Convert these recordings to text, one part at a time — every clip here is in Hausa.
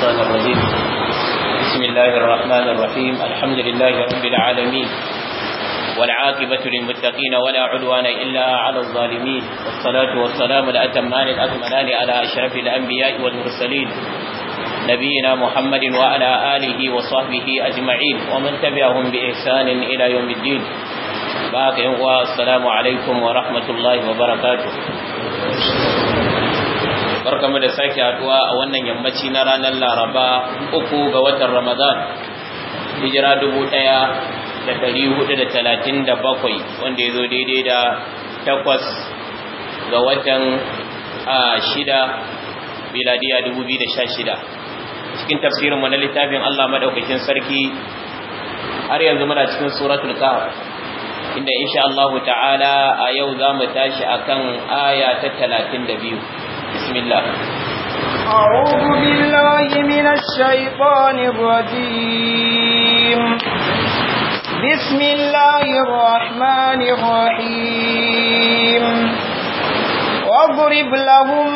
الشيطان الرجيم بسم الله الرحمن الرحيم الحمد لله رب العالمين والعاقبة للمتقين ولا عدوان إلا على الظالمين والصلاة والسلام الأتمان الأكملان على أشرف الأنبياء والمرسلين نبينا محمد وعلى آله وصحبه أجمعين ومن تبعهم بإحسان إلى يوم الدين باقي والسلام عليكم ورحمة الله وبركاته barkamu da sake haduwa a wannan yammaci na ranar laraba uku ga watan ramadan hijira dubu daya da dari hudu da talatin da bakwai wanda ya zo daidai da takwas ga watan shida biladiya dubu biyu da sha shida cikin tafsirinmu na littafin allah madaukakin sarki har yanzu muna cikin suratul kahf inda insha Allah ta'ala a yau za mu tashi akan aya ta biyu. بسم الله أعوذ بالله من الشيطان الرجيم بسم الله الرحمن الرحيم واضرب لهم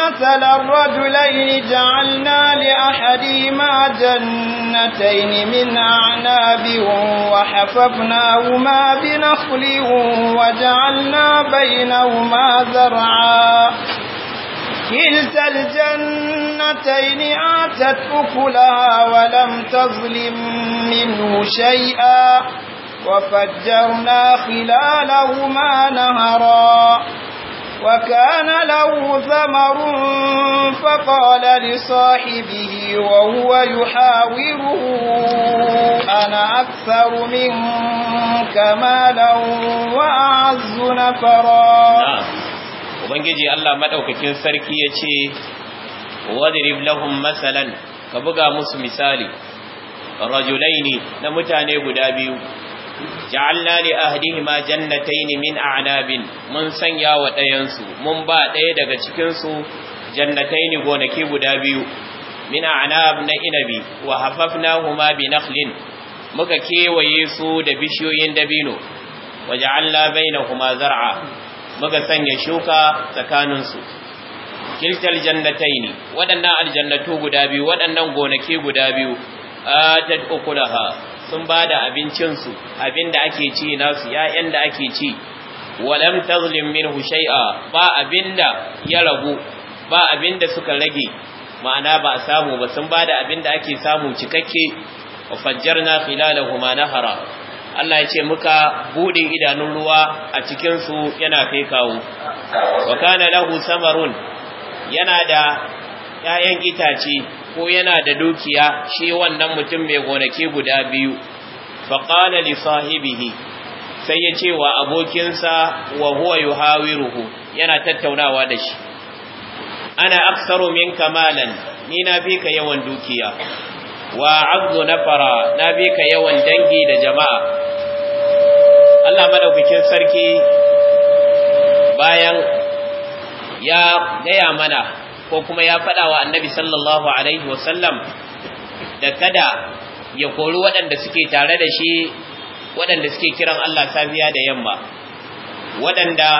مثل الرجلين جعلنا لأحدهما جنتين من أعناب وحففناهما بنخل وجعلنا بينهما زرعا كلتا الجنتين آتت أكلها ولم تظلم منه شيئا وفجرنا خلالهما نهرا وكان له ثمر فقال لصاحبه وهو يحاوره أنا أكثر منك مالا وأعز نفرا نعم. ubangiji Allah madaukakin sarki ya ce wadrib lahum masalan ka buga musu misali rajulaini na mutane guda biyu ja'alna li ahdihima jannatayn min a'nabin mun sanya wa ɗayansu mun ba ɗaya daga cikin su jannatayn gonaki guda biyu min a'nab na inabi wa huma bi nakhlin muka kewaye su da bishiyoyin dabino wa ja'alna bainahuma zar'a muka sanya shuka tsakaninsu kiltal jannatai ne waɗannan aljannatu guda biyu waɗannan gonaki guda biyu a ukulaha sun bada da abincinsu abin da ake ci nasu ‘ya'yan da ake ci walam tazlim minhu shay'a ba abinda ya ragu ba abinda suka rage ma'ana ba a samu ba sun ba da abinda ake samu cikakke wa fajjarna khilalahuma nahara Allah ya ce muka buɗe idanun ruwa a cikinsu yana fekawo wa kana lahu samarun yana da ‘ya'yan itace ko yana da dukiya shi wannan mutum mai gonaki guda biyu faƙala li sahibihi sai ya ce wa abokinsa wa huwa yuhawiruhu yana tattaunawa da shi ana aksaru min kamalan ni na fi ka yawan dukiya wa abdu nafara na bi ka yawan dangi da jama'a Allah madaukakin sarki bayan ya gaya mana ko kuma ya faɗa wa annabi sallallahu alaihi wasallam da kada ya kori waɗanda suke tare da shi waɗanda suke kiran Allah safiya da yamma waɗanda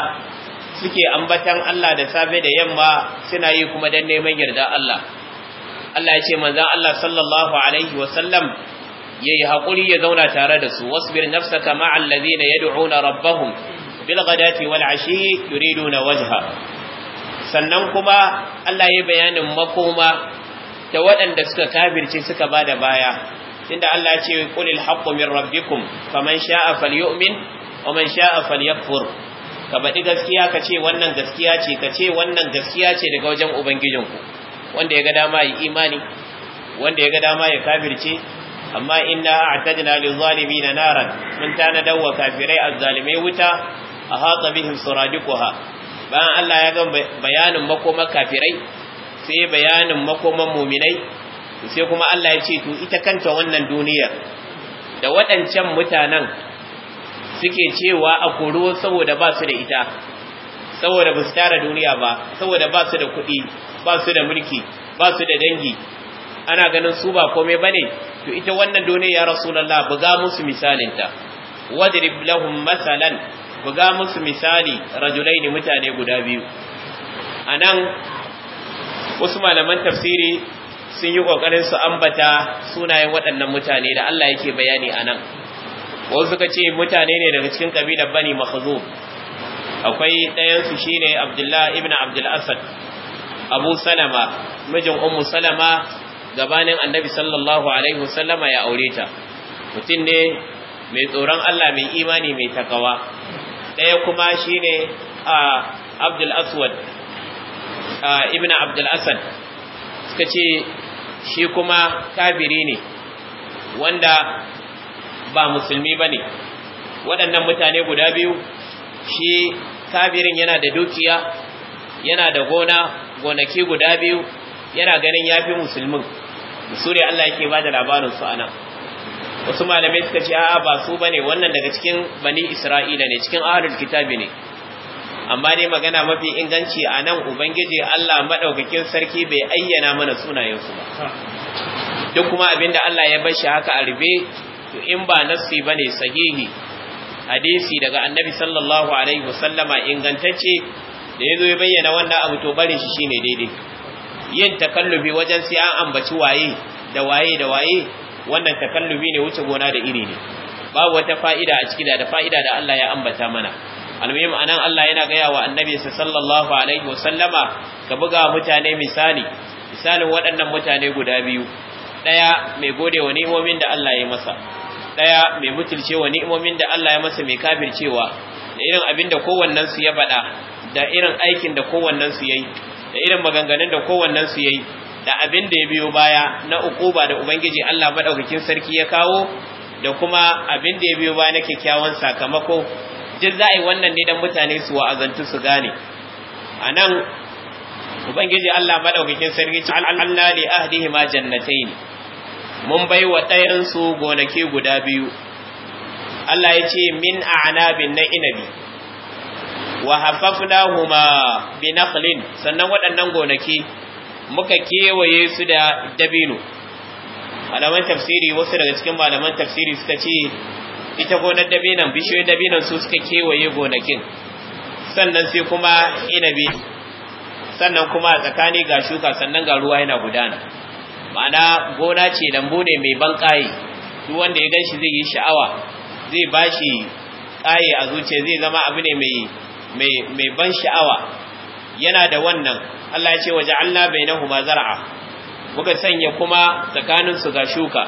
suke ambatan Allah da safe da yamma suna yi kuma don neman yarda Allah Allah ya ce manzan Allah sallallahu alaihi wasallam ya yi haƙuri ya zauna tare da su wasbir nafsaka ma'al ladina na rabbahum bil ghadati wal ashi yuriduna wajha sannan kuma Allah ya bayanin makoma da waɗanda suka kafirce suka ba da baya inda Allah ya ce qulil haqqu min rabbikum faman sha'a falyu'min wa man sha'a falyakfur ka baɗi gaskiya ka ce wannan gaskiya ce ka ce wannan gaskiya ce daga wajen ubangijinku wanda ya ga dama ya imani wanda ya ga dama ya kafirce amma inna a'tadna lil zalimin naran mun tanadar wa kafirai azzalimai wuta a ahata bihim suradiquha bayan Allah ya ga bayanin makoman kafirai sai bayanin makoman mu'minai sai kuma Allah ya ce to ita kanta wannan duniyar da waɗancan mutanen suke cewa a koro saboda ba su da ita saboda ba su duniya ba saboda ba su da kuɗi ba su da mulki ba su da dangi ana ganin su ba komai bane to ita wannan duniya ya rasulullahi buga musu misalin ta wadrib lahum masalan buga musu misali rajulaini mutane guda biyu anan wasu malaman tafsiri sun yi kokarin su ambata sunayen waɗannan mutane da Allah yake bayani anan wasu suka ce mutane ne daga cikin kabilar bani makhzum akwai ɗayansu shine Abdullahi ibn abdul asad abu salama mijin ummu salama gabanin annabi sallallahu alaihi wasallama ya aure ta mutum ne mai tsoron Allah mai imani mai takawa ɗaya kuma shine a abdul aswad ibn abdul asad suka ce shi kuma kafiri ne wanda ba musulmi ba ne waɗannan mutane guda biyu shi kafirin yana da dukiya yana da gona gonaki guda biyu yana ganin ya fi musulmin su Allah yake ba da labarin su anan wasu malamai suka ce a'a ba su bane wannan daga cikin bani Isra'ila ne cikin ahlul kitabi ne amma dai magana mafi inganci a nan ubangiji Allah maɗaukakin sarki bai ayyana mana sunayensu ba duk kuma abinda Allah ya bar shi haka a rube to in ba nassi bane sahihi hadisi daga annabi sallallahu alaihi wasallama ingantacce da ya zo ya bayyana wannan abu to barin shi shine daidai yin takallubi wajen sai an ambaci waye da waye da waye wannan takallubi ne wuce gona da iri ne babu wata fa'ida a ciki da da fa'ida da Allah ya ambata mana almuhim anan Allah yana gaya wa annabi sallallahu alaihi wasallama ka buga mutane misali misalin waɗannan mutane guda biyu daya mai gode wa ni'imomin da Allah ya masa daya mai mutulce wa ni'imomin da Allah ya masa mai kafircewa da irin abin da kowannen su ya bada da irin aikin da kowannen su yayi da irin maganganun da kowannen su yayi da abin da ya biyo baya na ukuba da ubangiji Allah madaukakin sarki ya kawo da kuma abin da ya biyo baya na kyakkyawan sakamako duk za a yi wannan ne dan mutane su wa'azantu su gane anan nan ubangiji Allah madaukakin sarki ce Allah li ahdihi ma jannatayn mun bai wa ɗayan gonaki guda biyu Allah ya ce min a'nabin na inabi wa huma bi naqlin sannan waɗannan gonaki muka kewaye su da dabino malaman tafsiri wasu daga cikin malaman tafsiri suka ce ita gonar dabinan bishiyoyin dabinan su suka kewaye gonakin sannan sai kuma inabi sannan kuma tsakanin tsakani ga shuka sannan ga ruwa yana gudana ma'ana gona ce lambu ne mai ban duk wanda ya gan shi zai yi sha'awa zai ba shi kaye a zuciya zai zama abu ne mai ban sha'awa yana da wannan Allah ya ce bai nahu bainahuma zara'a. muka sanya kuma tsakanin su ga shuka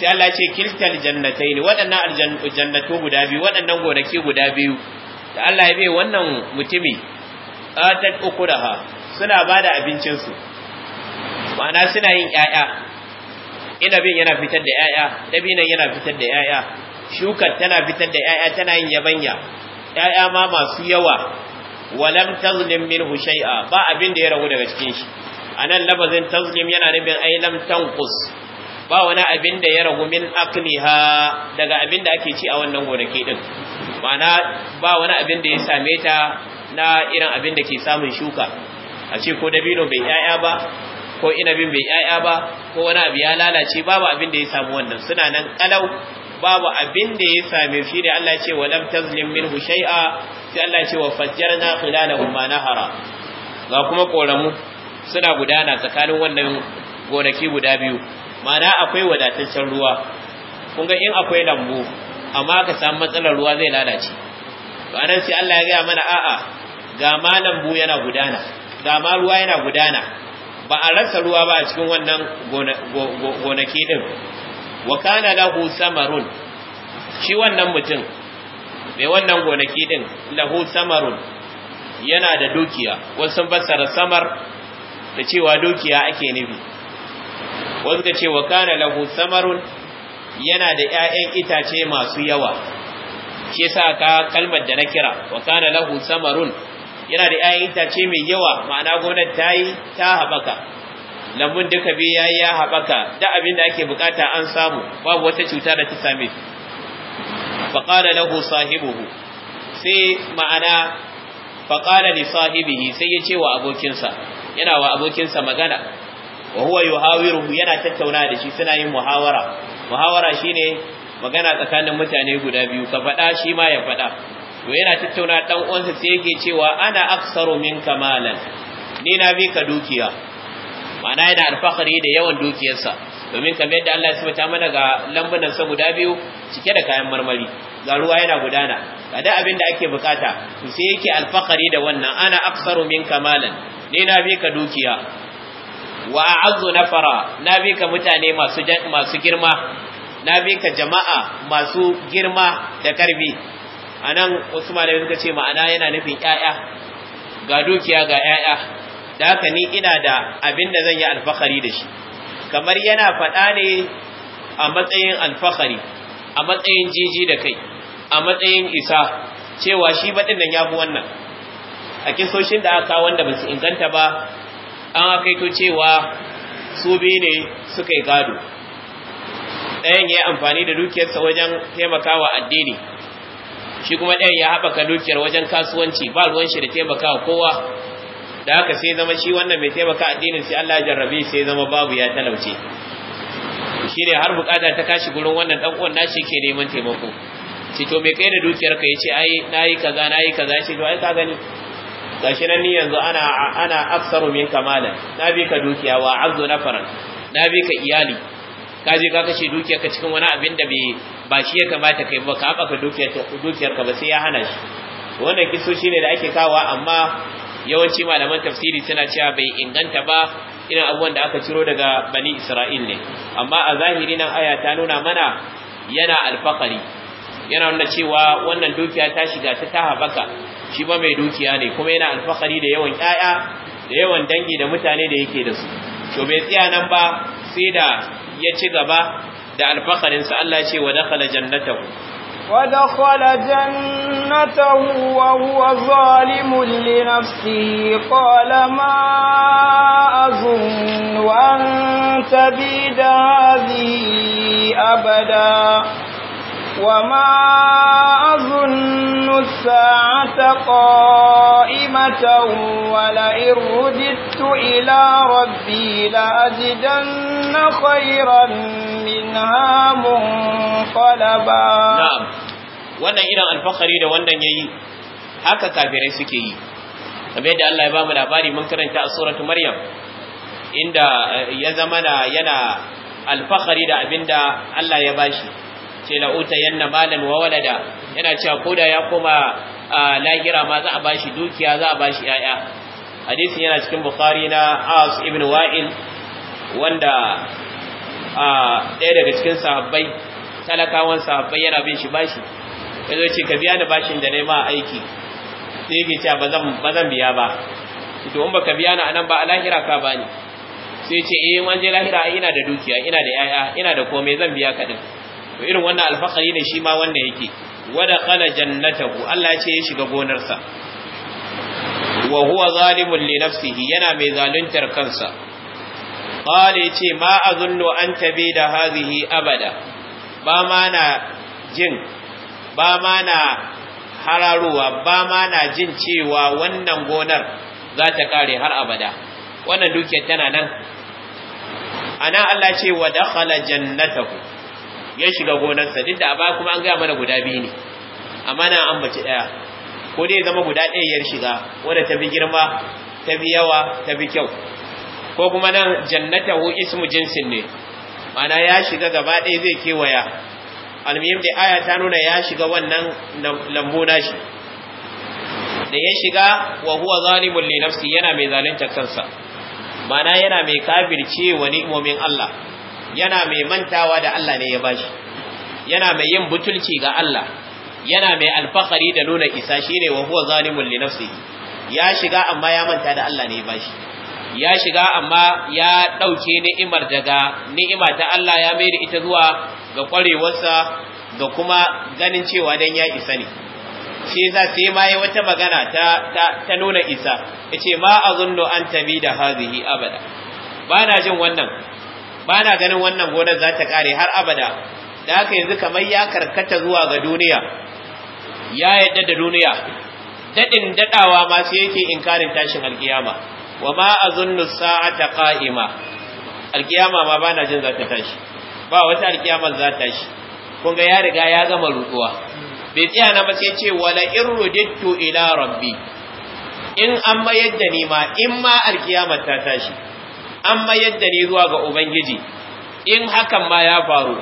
sai Allah ya ce kiltal ne. waɗannan aljannatu guda biyu waɗannan gonaki guda biyu da Allah ya bai wannan mutumi da ukuraha suna ba da abincinsu. ma'ana suna yin ƴaƴa inabin yana fitar da ƴaƴa dabinan yana fitar da 'ya'ya, shukar tana fitar da 'ya'ya tana yin yabanya 'Ya'ya ma masu yawa walam tazlim minhu shay'a ba abin da ya ragu daga cikin shi anan labazin tazlim yana nufin ai lam tanqus ba wani abin da ya ragu min aqliha daga abin da ake ci a wannan gonaki din ma'ana ba wani abin da ya same ta na irin abin da ke samun shuka a ce ko dabino bai yaya ba ko inabin bai yaya ba ko wani abu ya lalace babu abin da ya samu wannan suna nan kalau babu abin da ya same shi ne Allah ce wa lam tazlim minhu shay'a sai Allah ce wa fajjarna khilalahu ma nahara ga kuma koramu suna gudana tsakanin wannan gonaki guda biyu ma'ana akwai wadataccen ruwa kun ga in akwai lambu amma ka samu matsalar ruwa zai lalace to anan sai Allah ya ga mana a'a ga malambu yana gudana ga ma ruwa yana gudana ba a rasa ruwa ba a cikin wannan gonaki din wa kana lahu samarun shi wannan mutum mai wannan gonaki din lahu samarun yana da dukiya wasu fassara samar da cewa dukiya ake nufi wasu ce wa kana lahu samarun yana da 'ya'yan itace masu yawa shi yasa ka kalmar da na kira wa kana lahu samarun yana da 'ya'yan itace mai yawa ma'ana gonar ta yi ta haɓaka lambun duka bi ya yi ya haɓaka da abin da ake bukata an samu babu wata cuta da ta same shi faƙala lahu sahibuhu sai ma'ana faƙala li sahibihi sai ya ce wa abokinsa yana wa abokinsa magana wa huwa Yuhawiru yana tattauna da shi suna yin muhawara muhawara shine magana tsakanin mutane guda biyu ka faɗa shi ma ya faɗa to yana tattauna dan uwansa sai yake cewa ana aksaru min kamalan ni na bi ka dukiya ma'ana yana alfahari da yawan dukiyarsa domin kamar yadda Allah ya sabata mana ga lambunan sa guda biyu cike da kayan marmari ga ruwa yana gudana ga da abin da ake bukata to sai yake alfahari da wannan ana aksaru min kamalan ni na bi ka dukiya wa a'azzu nafara na bi ka mutane masu masu girma na bi ka jama'a masu girma da karbi anan wasu malamai suka ce ma'ana yana nufin ƴaƴa ga dukiya ga ƴaƴa da haka ni ina da abin da zan yi alfahari da shi kamar yana faɗa ne a matsayin alfahari a matsayin jiji da kai a matsayin isa cewa shi baɗin nan ya fi wannan a kisoshin da aka wanda ba su inganta ba an akaito cewa su biyu ne suka yi gado ɗayan ya yi amfani da dukiyarsa wajen taimakawa addini shi kuma ɗayan ya haɓaka dukiyar wajen kasuwanci ba ruwan shi da taimaka kowa da haka sai zama shi wannan mai taimaka addinin sai Allah ya jarrabe sai zama babu ya talauce shi ne har bukata ta kashi gurin wannan dan uwan nashi ke neman taimako shi to mai kai da dukiyar ka yace ai nayi kaza nayi kaza shi to ai ka gani gashi nan ni yanzu ana ana aksaru min kamala na bi ka dukiya wa abdu nafaran na bi ka iyali ka je ka kashe dukiyar ka cikin wani abin da bai ba shi ya kamata kai ba ka haɓaka dukiyar ka ba sai ya hana shi wannan kiso ne da ake kawa amma yawanci malaman tafsiri suna cewa bai inganta ba irin abubuwan da aka ciro daga bani isra'il ne amma a zahiri nan aya ta nuna mana yana alfakari yana nuna cewa wannan dukiya ta shiga ta ta haɓaka shi ba mai dukiya ne kuma yana alfakari da yawan ƴaƴa da yawan dangi da mutane da yake da su to bai tsaya nan ba sai da ya ci gaba da alfakarin sa Allah ce wa dakhala jannatahu wa dakhala jannatahu wa huwa zalimun li nafsihi qala ma azun wa anta bi hadhihi abada وما أظن الساعة قائمة ولئن رددت إلى ربي لأجدن خيرا منها منقلبا نعم wannan irin alfahari da wannan yayi haka kafirai suke yi kamar yadda Allah ya ba mu labari mun karanta a suratu Maryam inda eh, ya zama yana alfahari da abinda Allah ya bashi ce la utayanna malan wa walada yana cewa koda ya koma lahira ma za a bashi dukiya za a bashi yaya hadisi yana cikin bukhari na as ibn wa'il wanda ɗaya daga cikin sahabbai talakawan sahabbai yana bin shi bashi ya zo ce ka biya ni bashin da na ma aiki sai yake cewa ba zan biya ba to in baka biya ni anan ba a lahira ka bani sai ce eh wanje lahira ina da dukiya ina da yaya ina da komai zan biya ka din to irin wannan alfakari ne shi ma wannan yake wada qala jannatahu Allah ya ce ya shiga gonarsa wa huwa zalimun li nafsihi yana mai zaluntar kansa qala yace ma azullu an tabida hadhihi abada ba ma na jin ba ma na hararowa ba ma na jin cewa wannan gonar za ta kare har abada wannan dukiyar tana nan ana Allah ce wa dakhala jannatahu ya shiga gonarsa duk da ba kuma an gaya mana guda biyu ne amma na an baci ɗaya ko dai zama guda ɗaya ya shiga wadda ta fi girma ta fi yawa ta fi kyau ko kuma nan jannata hu ismu jinsin ne mana ya shiga gaba ɗaya zai kewaya almiyim da aya ta nuna ya shiga wannan lambu nashi da ya shiga wa huwa zalimun li nafsi yana mai zalunta kansa mana yana mai kafirce wani mu'min Allah yana mai mantawa da Allah ne ya bashi yana mai yin butulci ga Allah yana mai alfahari da nuna isa shine wa huwa zalimun li nafsihi ya shiga amma ya manta da Allah ne ya bashi ya shiga amma ya dauke ni'imar daga ni'ima ta Allah ya mai da ita zuwa ga kwarewarsa ga kuma ganin cewa dan ya isa ne shi sai ma yi wata magana ta nuna isa yace ma a zunno an tabi da hazihi abada ba na jin wannan ba na ganin wannan gonar za ta kare har abada da haka yanzu kamar ya karkata zuwa ga duniya ya yadda da duniya daɗin daɗawa ma sai yake inkarin tashin alkiyama wa ma azunnu sa'ata qa'ima alkiyama ma ba na jin za ta tashi ba wata alkiyama za ta tashi kun ga ya riga ya gama rutuwa bai tsaya na ba sai ce wala irrudittu ila rabbi in an mayar da ni ma in ma alkiyama ta tashi an mayar da ni zuwa ga ubangiji in hakan ma ya faru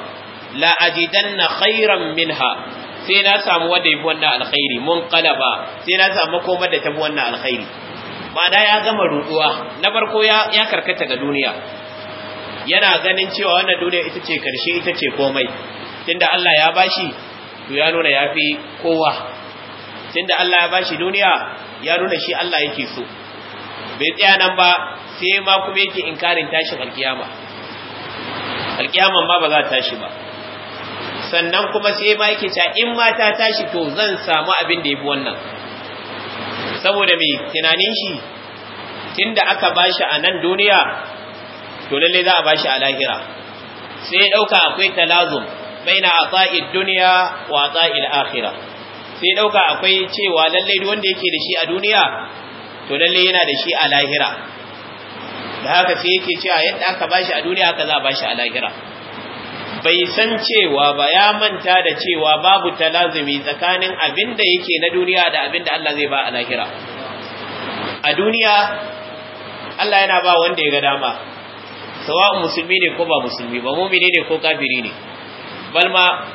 la ajidanna khairan minha sai na samu wanda yafi wannan alkhairi mun qalaba sai na samu komai da tafi wannan alkhairi ma'ana ya gama ruduwa na farko ya karkata ga duniya yana ganin cewa wannan duniya ita ce karshe ita ce komai tunda Allah ya bashi to ya nuna yafi kowa tunda Allah ya bashi duniya ya nuna shi Allah yake so bai tsaya nan ba sai ma kuma yake inkarin tashin alkiyama alkiyama ma ba za ta tashi ba sannan kuma sai ma yake cewa in ma ta tashi to zan samu abin da yafi wannan saboda mai tunanin shi tunda aka bashi a nan duniya to lalle za a bashi a lahira sai dauka akwai talazum baina ata'id dunya wa ata'il akhirah sai dauka akwai cewa lalle wanda yake da shi a duniya to lalle yana da shi a lahira da haka sai yake cewa yadda aka bashi a duniya haka za a bashi a lahira bai san cewa ba ya manta da cewa babu talazumi tsakanin abin da yake na duniya da abin da Allah zai ba a lahira a duniya Allah yana ba wanda ya ga dama sawa'un musulmi ne ko ba musulmi ba mumini ne ko kafiri ne balma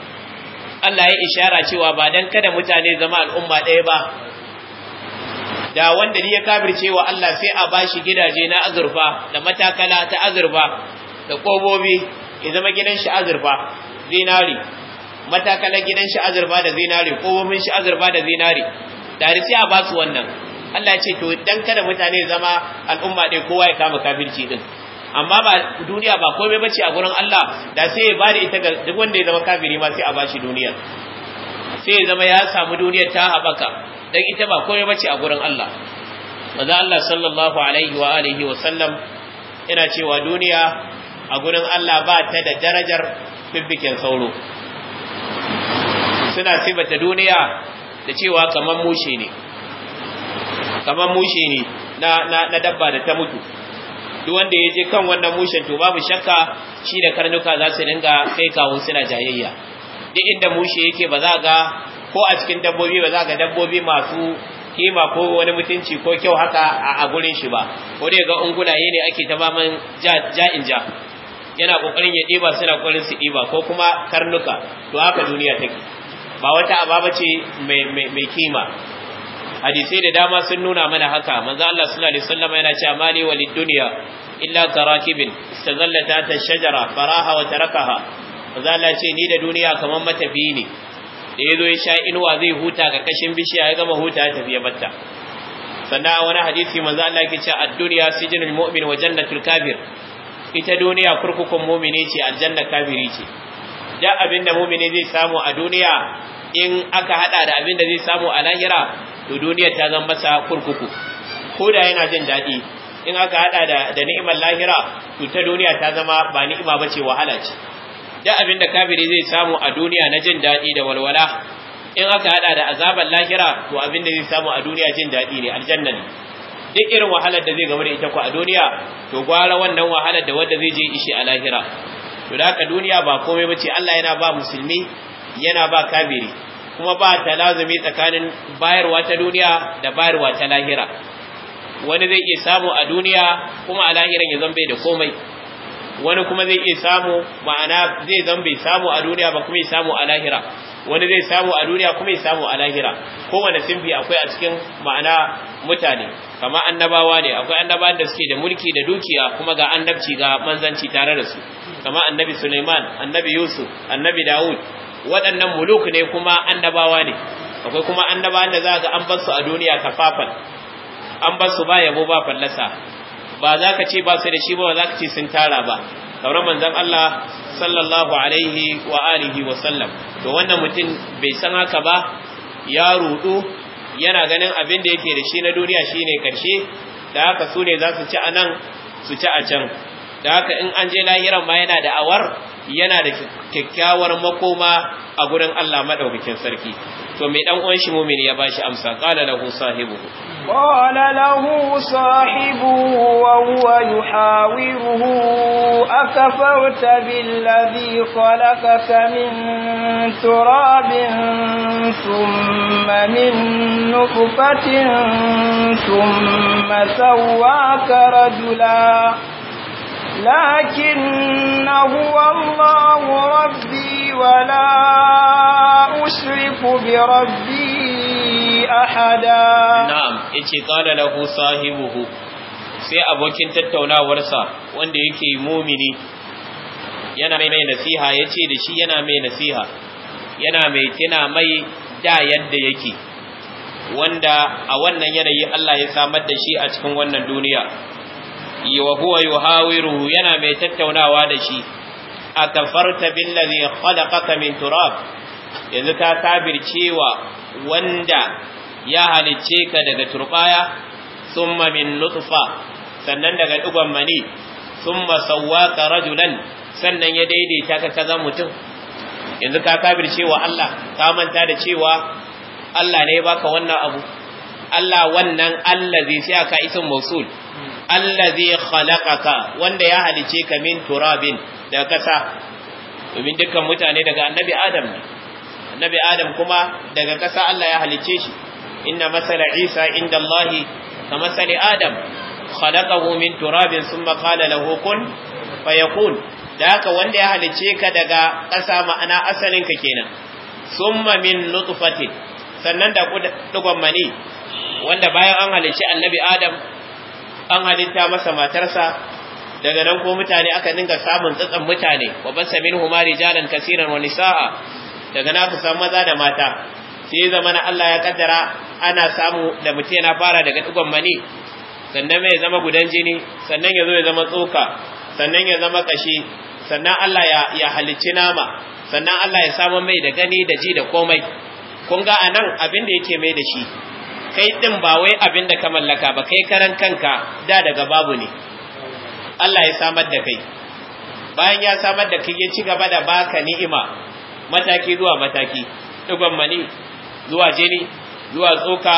Allah ya ishara cewa ba dan kada mutane zama al'umma ɗaya ba da wanda ni ya kafirce wa Allah sai a bashi gidaje na azurfa da matakala ta azurfa da kobobi ya zama gidan shi azurfa zinari matakala gidan shi azurfa da zinari kobobin shi azurfa da zinari tare sai a basu wannan Allah ce to dan kada mutane zama al'umma dai kowa ya kama kafirci din amma ba duniya ba komai bace a gurin Allah da sai ya bada ita ga duk wanda ya zama kafiri ma sai a bashi duniya sai ya zama ya samu duniyar ta haɓaka don ita ba komai bace a gurin Allah maza Allah sallallahu alaihi wa alihi wa sallam yana cewa duniya a gurin Allah ba ta da darajar bibikin sauro suna sibata duniya da cewa kamar mushe ne kamar mushe ne na, na, dabba da ta mutu duk wanda ya je kan wannan mushen to babu shakka shi da karnuka za su dinga kai kawun suna jayayya duk inda mushe yake ba za ga ko a cikin dabbobi ba za ga dabbobi masu kima ko wani mutunci ko kyau haka a gurin shi ba ko dai ga ungulaye ne ake ta maman ja'in ja yana kokarin ya diba suna kokarin su diba ko kuma karnuka to haka duniya take ba wata ababa ce mai kima hadisai da dama sun nuna mana haka manzo Allah sallallahu alaihi wasallam yana cewa mali walid dunya illa tarakibin istazallata ta shajara faraha wa tarakaha manzo Allah ce ni da duniya kamar matafi ne da zo ya sha inuwa zai huta ga kashin bishiya ya gama huta ya tafi ya batta sannan wani hadisi manzo Allah yake ce ad-dunya sijnul mu'min wa jannatul kafir ita duniya kurkukun mu'mini ce aljanna kafiri ce da abin da mu'mini zai samu a duniya in aka hada da abin da zai samu a lahira to duniya ta zama masa kurkuku ko da yana jin daɗi in aka hada da da ni'imar lahira to ta duniya ta zama ba ni'ima ba ce wahala ce duk abin da kafiri zai samu a duniya na jin daɗi da walwala in aka hada da azabar lahira to abin da zai samu a duniya jin daɗi ne aljanna ne duk irin wahalar da zai game da ita ko a duniya to gwara wannan wahalar da wanda zai je ishi a lahira to da duniya ba komai ba ce Allah yana ba musulmi yana ba kafiri kuma ba talazumi tsakanin bayarwa ta duniya da bayarwa ta lahira wani zai iya samu a duniya kuma a lahiran ya zambe da komai wani kuma zai iya samu ma'ana zai zan bai samu a duniya ba kuma ya samu a lahira wani zai samu a duniya kuma ya samu a lahira kowane simbi akwai a cikin ma'ana mutane kama annabawa ne akwai annabawan da suke da mulki da dukiya kuma ga annabci ga manzanci tare da su kama annabi Suleiman annabi Yusuf annabi Dawud waɗannan muluk ne kuma annabawa ne akwai kuma annaba da za ga an bar su a duniya kafafan an bar su ba yabo ba fallasa ba za ka ce ba su da shi ba za ka ce sun tara ba kamar manzon Allah sallallahu alaihi wa alihi wa sallam to wannan mutum bai san haka ba ya rudu yana ganin abin da yake da shi na duniya shine karshe da haka su ne za su ci anan su ci a can da haka in an je lahiran ma yana da awar yana da kyakkyawar makoma a gurin Allah madaukakin sarki to mai dan uwan shi mumin ya bashi amsa qala lahu sahibu qala lahu sahibu wa huwa yuhawiruhu akafarta billadhi khalaqaka min turabin thumma min nutfatin thumma sawwaka rajula لكن هو الله ربي ولا أشرك بربي أحدا نعم إتي قال له صاحبه sai abokin tattaunawarsa wanda yake mumini yana mai nasiha ya ce da shi yana mai nasiha yana mai tina mai da yadda yake wanda a wannan yanayi Allah ya samar da shi a cikin wannan duniya wa huwa yuhawiruhu yana mai tattaunawa da shi a tafarta akafarta billazi khalaqaka min turab yanzu ka kabircewa wanda ya halicce ka daga turbaya summa min nutfa sannan daga dugon mani thumma sawwaka rajulan sannan ya daidaita ka kaza mutum yanzu ka kabircewa Allah ka manta da cewa Allah ne baka wannan abu Allah wannan allazi sai aka isin mausul allazi khalaqaka wanda ya halice ka min turabin daga kasa domin dukkan mutane daga annabi adam ne annabi adam kuma daga kasa Allah ya halice shi inna masala isa inda Allah ka masali adam khalaqahu min turabin thumma qala lahu kun fayakun da haka wanda ya halice ka daga kasa ma'ana asalin ka kenan thumma min nutfatin sannan da kudin mani wanda bayan an halice annabi adam an halitta masa matarsa daga nan ko mutane aka dinga samun tsatsan mutane wa basa minhuma rijalan kaseeran wa nisaa daga na ku samu maza da mata sai zaman Allah ya kaddara ana samu da mutum yana fara daga digon mani sannan mai zama gudan jini sannan ya zo ya zama tsoka sannan ya zama kashi sannan Allah ya ya halicci nama sannan Allah ya samu mai da gani da ji da komai kun ga anan abin da yake mai da shi kai ɗin ba wai abin da ka mallaka ba kai karan kanka da daga babu ne Allah ya samar da kai bayan ya samar da kai ya ci gaba da baka ni'ima mataki zuwa mataki digon mani zuwa jini zuwa tsoka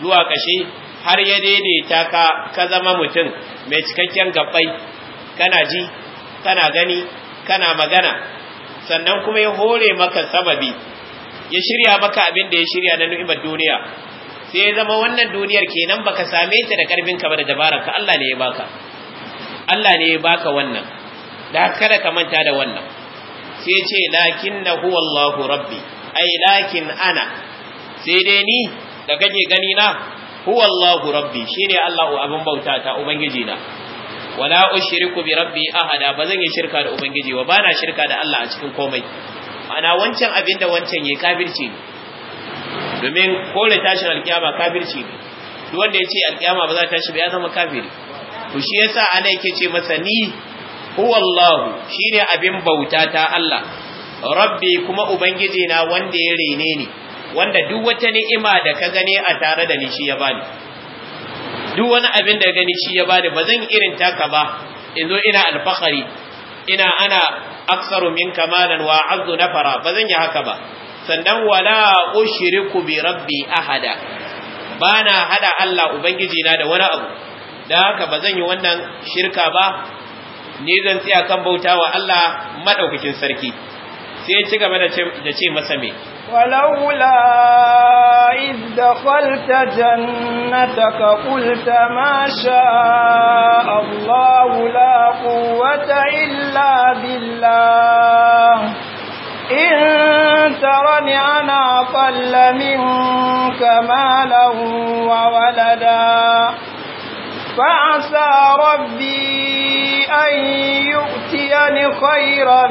zuwa kashi har ya daidaita ka ka zama mutum mai cikakken gabbai kana ji kana gani kana magana sannan kuma ya hore maka sababi ya shirya maka abin da ya shirya na ni'imar duniya sai ya zama wannan duniyar kenan baka same ta da karfin ka ba da dabarar ka Allah ne ya baka Allah ne ya baka wannan da kada ka manta da wannan sai ya ce lakinna huwa Allahu rabbi ai lakin ana sai dai ni da kake gani na huwa Allahu rabbi shine Allah abin bauta ta ubangiji na wala ushriku bi rabbi ahada zan yi shirka da ubangiji ba bana shirka da Allah a cikin komai ana wancan abin da wancan yayi kafirci ne domin kore tashin alkiyama kafirci ne duk wanda ya ce alkiyama ba za ta tashi ba ya zama kafiri to shi yasa ana yake ce masa ni huwallahu shine abin bauta ta Allah rabbi kuma ubangiji na wanda ya rene ni wanda duk wata ni'ima da ka gani a tare da ni shi ya bani duk wani abin da gani shi ya bani ba zan irin taka ba in zo ina alfahari ina ana aksaru min kamalan wa azu nafara ba zan yi haka ba sannan wala ushriku bi rabbi ahada bana hada Allah ubangiji na da wani abu dan haka bazan yi wannan shirka ba ni zan tsaya kan bautawa Allah madaukakin sarki sai ci gaba da ce masa me walaula إذ dakhalta جنتك qulta ma sha, Allah la quwwata illa billah إن ترني نعم أنا أقل منك مالا وولدا فعسى ربي أن يؤتيني خيرا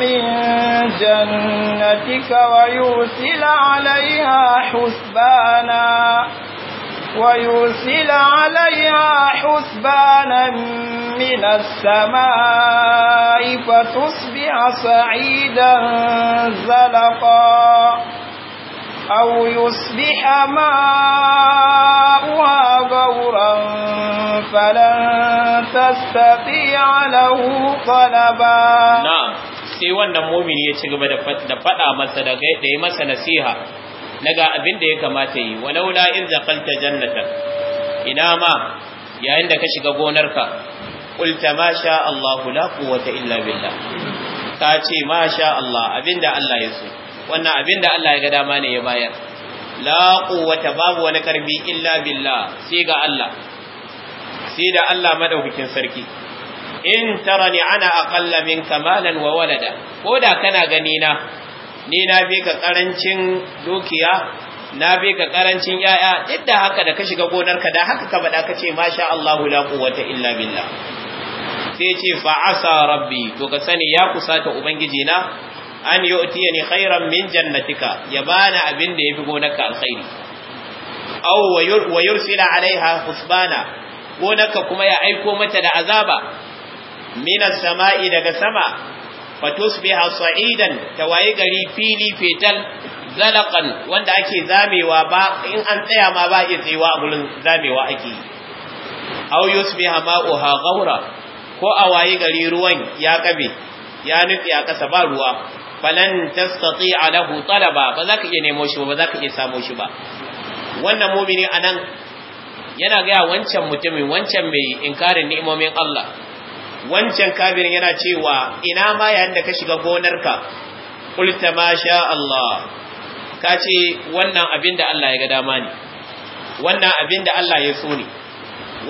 من جنتك ويرسل عليها حسبانا ويرسل عليها حسبانا من السماء فتصبح صعيدا زلقا أو يصبح ماؤها غورا فلن تستطيع له طلبا نعم sai wannan mumini ya ci gaba da faɗa masa da ya masa nasiha naga abin da ya kamata yi walaula in zaqalta jannatan, ina ma yayin da ka shiga gonarka qulta ma sha Allahu la quwwata illa billah ka ce ma sha Allah da Allah ya so wannan abin da Allah ya ga dama ne ya bayar la quwwata babu wani karbi illa billah sai ga Allah sai da Allah madaukakin sarki in tarani ana aqalla min malan wa walada ko da kana gani na ni na fi ka karancin dukiya na fi ka karancin yaya duk haka da ka shiga gonarka da haka ka faɗa ka ce masha Allahu la quwwata illa billah sai ce fa asa rabbi to ka sani ya kusata ubangiji na an yu'tiyani khairan min jannatika ya bana abin da yafi gonarka alkhairi aw wa yursila alaiha husbana gonarka kuma ya aiko mata da azaba minas sama'i daga sama fa tusbiha sa'idan tawaye gari fili fetal zalaqan wanda ake zamewa ba in an tsaya ma ba iya tsayawa a gurin zamewa ake yi aw yusbiha ma'uha ghaura ko a waye gari ruwan ya kabe ya nutse a kasa ba ruwa falan tastati'a lahu talaba ba za ka iya nemo shi ba za ka iya samo shi ba wannan muminin anan yana gaya wancan mutumin wancan mai inkarin ni'imomin Allah wancan kafirin yana cewa ina ma yayin da ka shiga gonarka qulta ma sha Allah ka ce wannan abin da Allah ya ga dama ne wannan abin da Allah ya so ne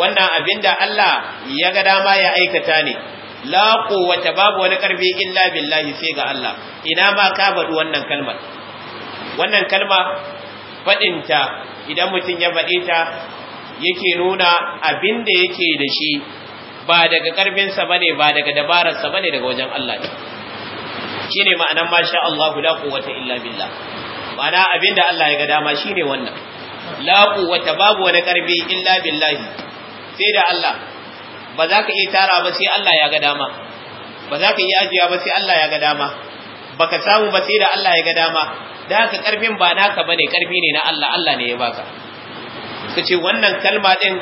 wannan abin da Allah ya ga dama ya aikata ne la quwwata babu wani karfi illa billahi sai ga Allah ina ma ka faɗi wannan kalmar wannan kalma faɗinta idan mutum ya faɗe ta yake nuna abin da yake da shi ba daga karfinsa bane ba daga dabararsa bane daga wajen Allah ne shine ma'anan masha Allah la quwwata illa billah ma'ana abinda Allah ya ga dama shine wannan la quwwata babu wani karfi illa billah sai da Allah ba za ka iya tara ba sai Allah ya ga dama ba za ka iya ajiya ba sai Allah ya ga dama baka samu ba sai da Allah ya ga dama da haka karfin ba naka bane karfi ne na Allah Allah ne ya baka kace ce wannan kalma din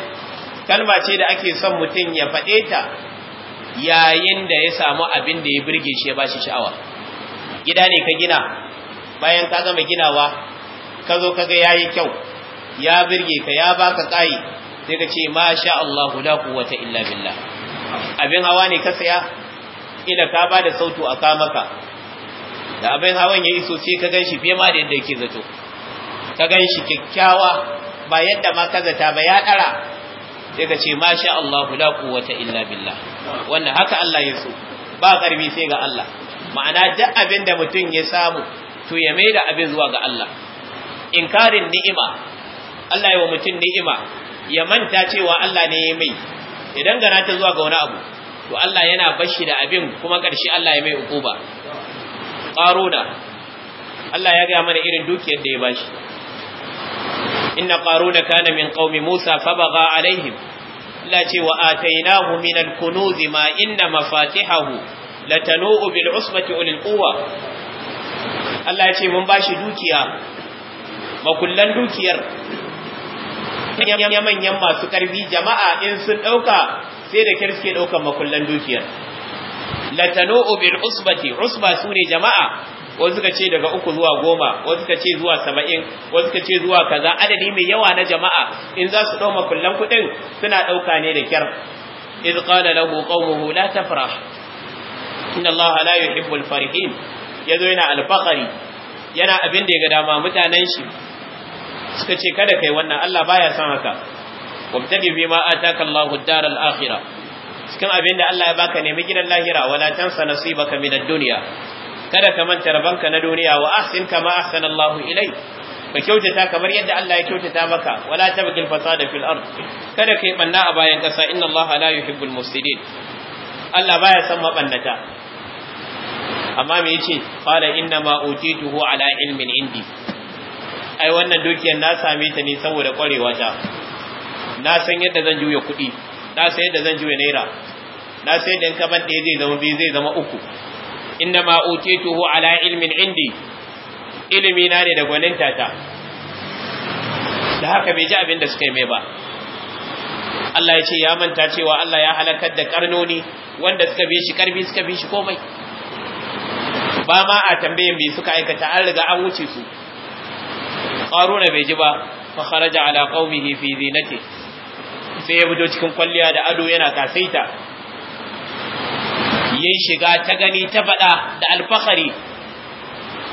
kalma ce da ake son mutum ya faɗe ta yayin da ya samu abin da ya birge shi ya ba bashi sha'awa gida ne ka gina bayan ka gama ginawa ka zo ka ga yi kyau ya birge ka ya baka tsayi sai ka ce masha Allah la quwwata illa billah abin hawa ne ka saya ila ka ba da sautu a maka da abin hawan ya iso sai ka ganshi fiye ma da yadda yake zato ka ganshi kyakkyawa ba yadda ma ka zata ba ya ɗara. sai ka ce masha Allahu la quwwata illa billah wannan haka Allah ya so ba karbi sai ga Allah ma'ana duk abin da mutum ya samu to ya mai da abin zuwa ga Allah inkarin ni'ima Allah ya wa mutum ni'ima ya manta cewa Allah ne ya mai idan gana ta zuwa ga wani abu to Allah yana bashi da abin kuma karshe Allah ya mai ukuba qaruna Allah ya gaya mana irin dukiyar da ya bashi inna karu kana min qaumi Musa fabaga alaihim Allah ce wa atainahu min al-kunuz ma inna mafatihahu latanu'u bil usbati ulil quwwa Allah ce mun bashi dukiya makullan dukiyar manyan manyan masu karfi jama'a in sun dauka sai da ke daukan makullan dukiyar latanu'u bil usbati usba sune jama'a wasu suka ce daga uku zuwa goma wasu suka ce zuwa saba'in wasu suka ce zuwa kaza adadi mai yawa na jama'a in za su ɗau makullan kuɗin suna ɗauka ne da kyar iz qala lahu qaumuhu la tafrah inna allaha la yuhibbul farihin yazo yana alfaqari yana abin da ya ga dama mutanen shi suka ce kada kai wannan Allah baya son haka wabtabi bima ataka Allahu ad-dar al-akhirah cikin abin da Allah ya baka nemi gidan lahira wala tansa nasibaka min ad-dunya kada ka manta rabanka na duniya wa ahsin kama ahsana Allah ilai ka kyautata kamar yadda Allah ya kyautata maka wala tabghil fasada fil ard kada kai banna a bayan kasa inna Allah la yuhibbul mufsidin Allah baya son mabannata amma me yace qala inna ma utituhu ala ilmin indi ai wannan dukiyar na same ta ne saboda kwarewa ta na san yadda zan juya kuɗi na san yadda zan juya naira na san yadda in ka ban ɗaya zai zama biyu zai zama uku inna ma utituhu ala ilmin indi ilimi na ne da gwaninta ta da haka bai ji abin da suka yi mai ba Allah ya ce ya manta cewa Allah ya halakar da karnoni wanda suka bi shi karfi suka bi shi komai ba ma a tambayin bai suka aikata an riga an wuce su qaruna bai ji ba fa kharaja ala qaumihi fi zinati sai ya fito cikin kwalliya da ado yana kasaita yayi shiga ta gani ta baɗa da alfahari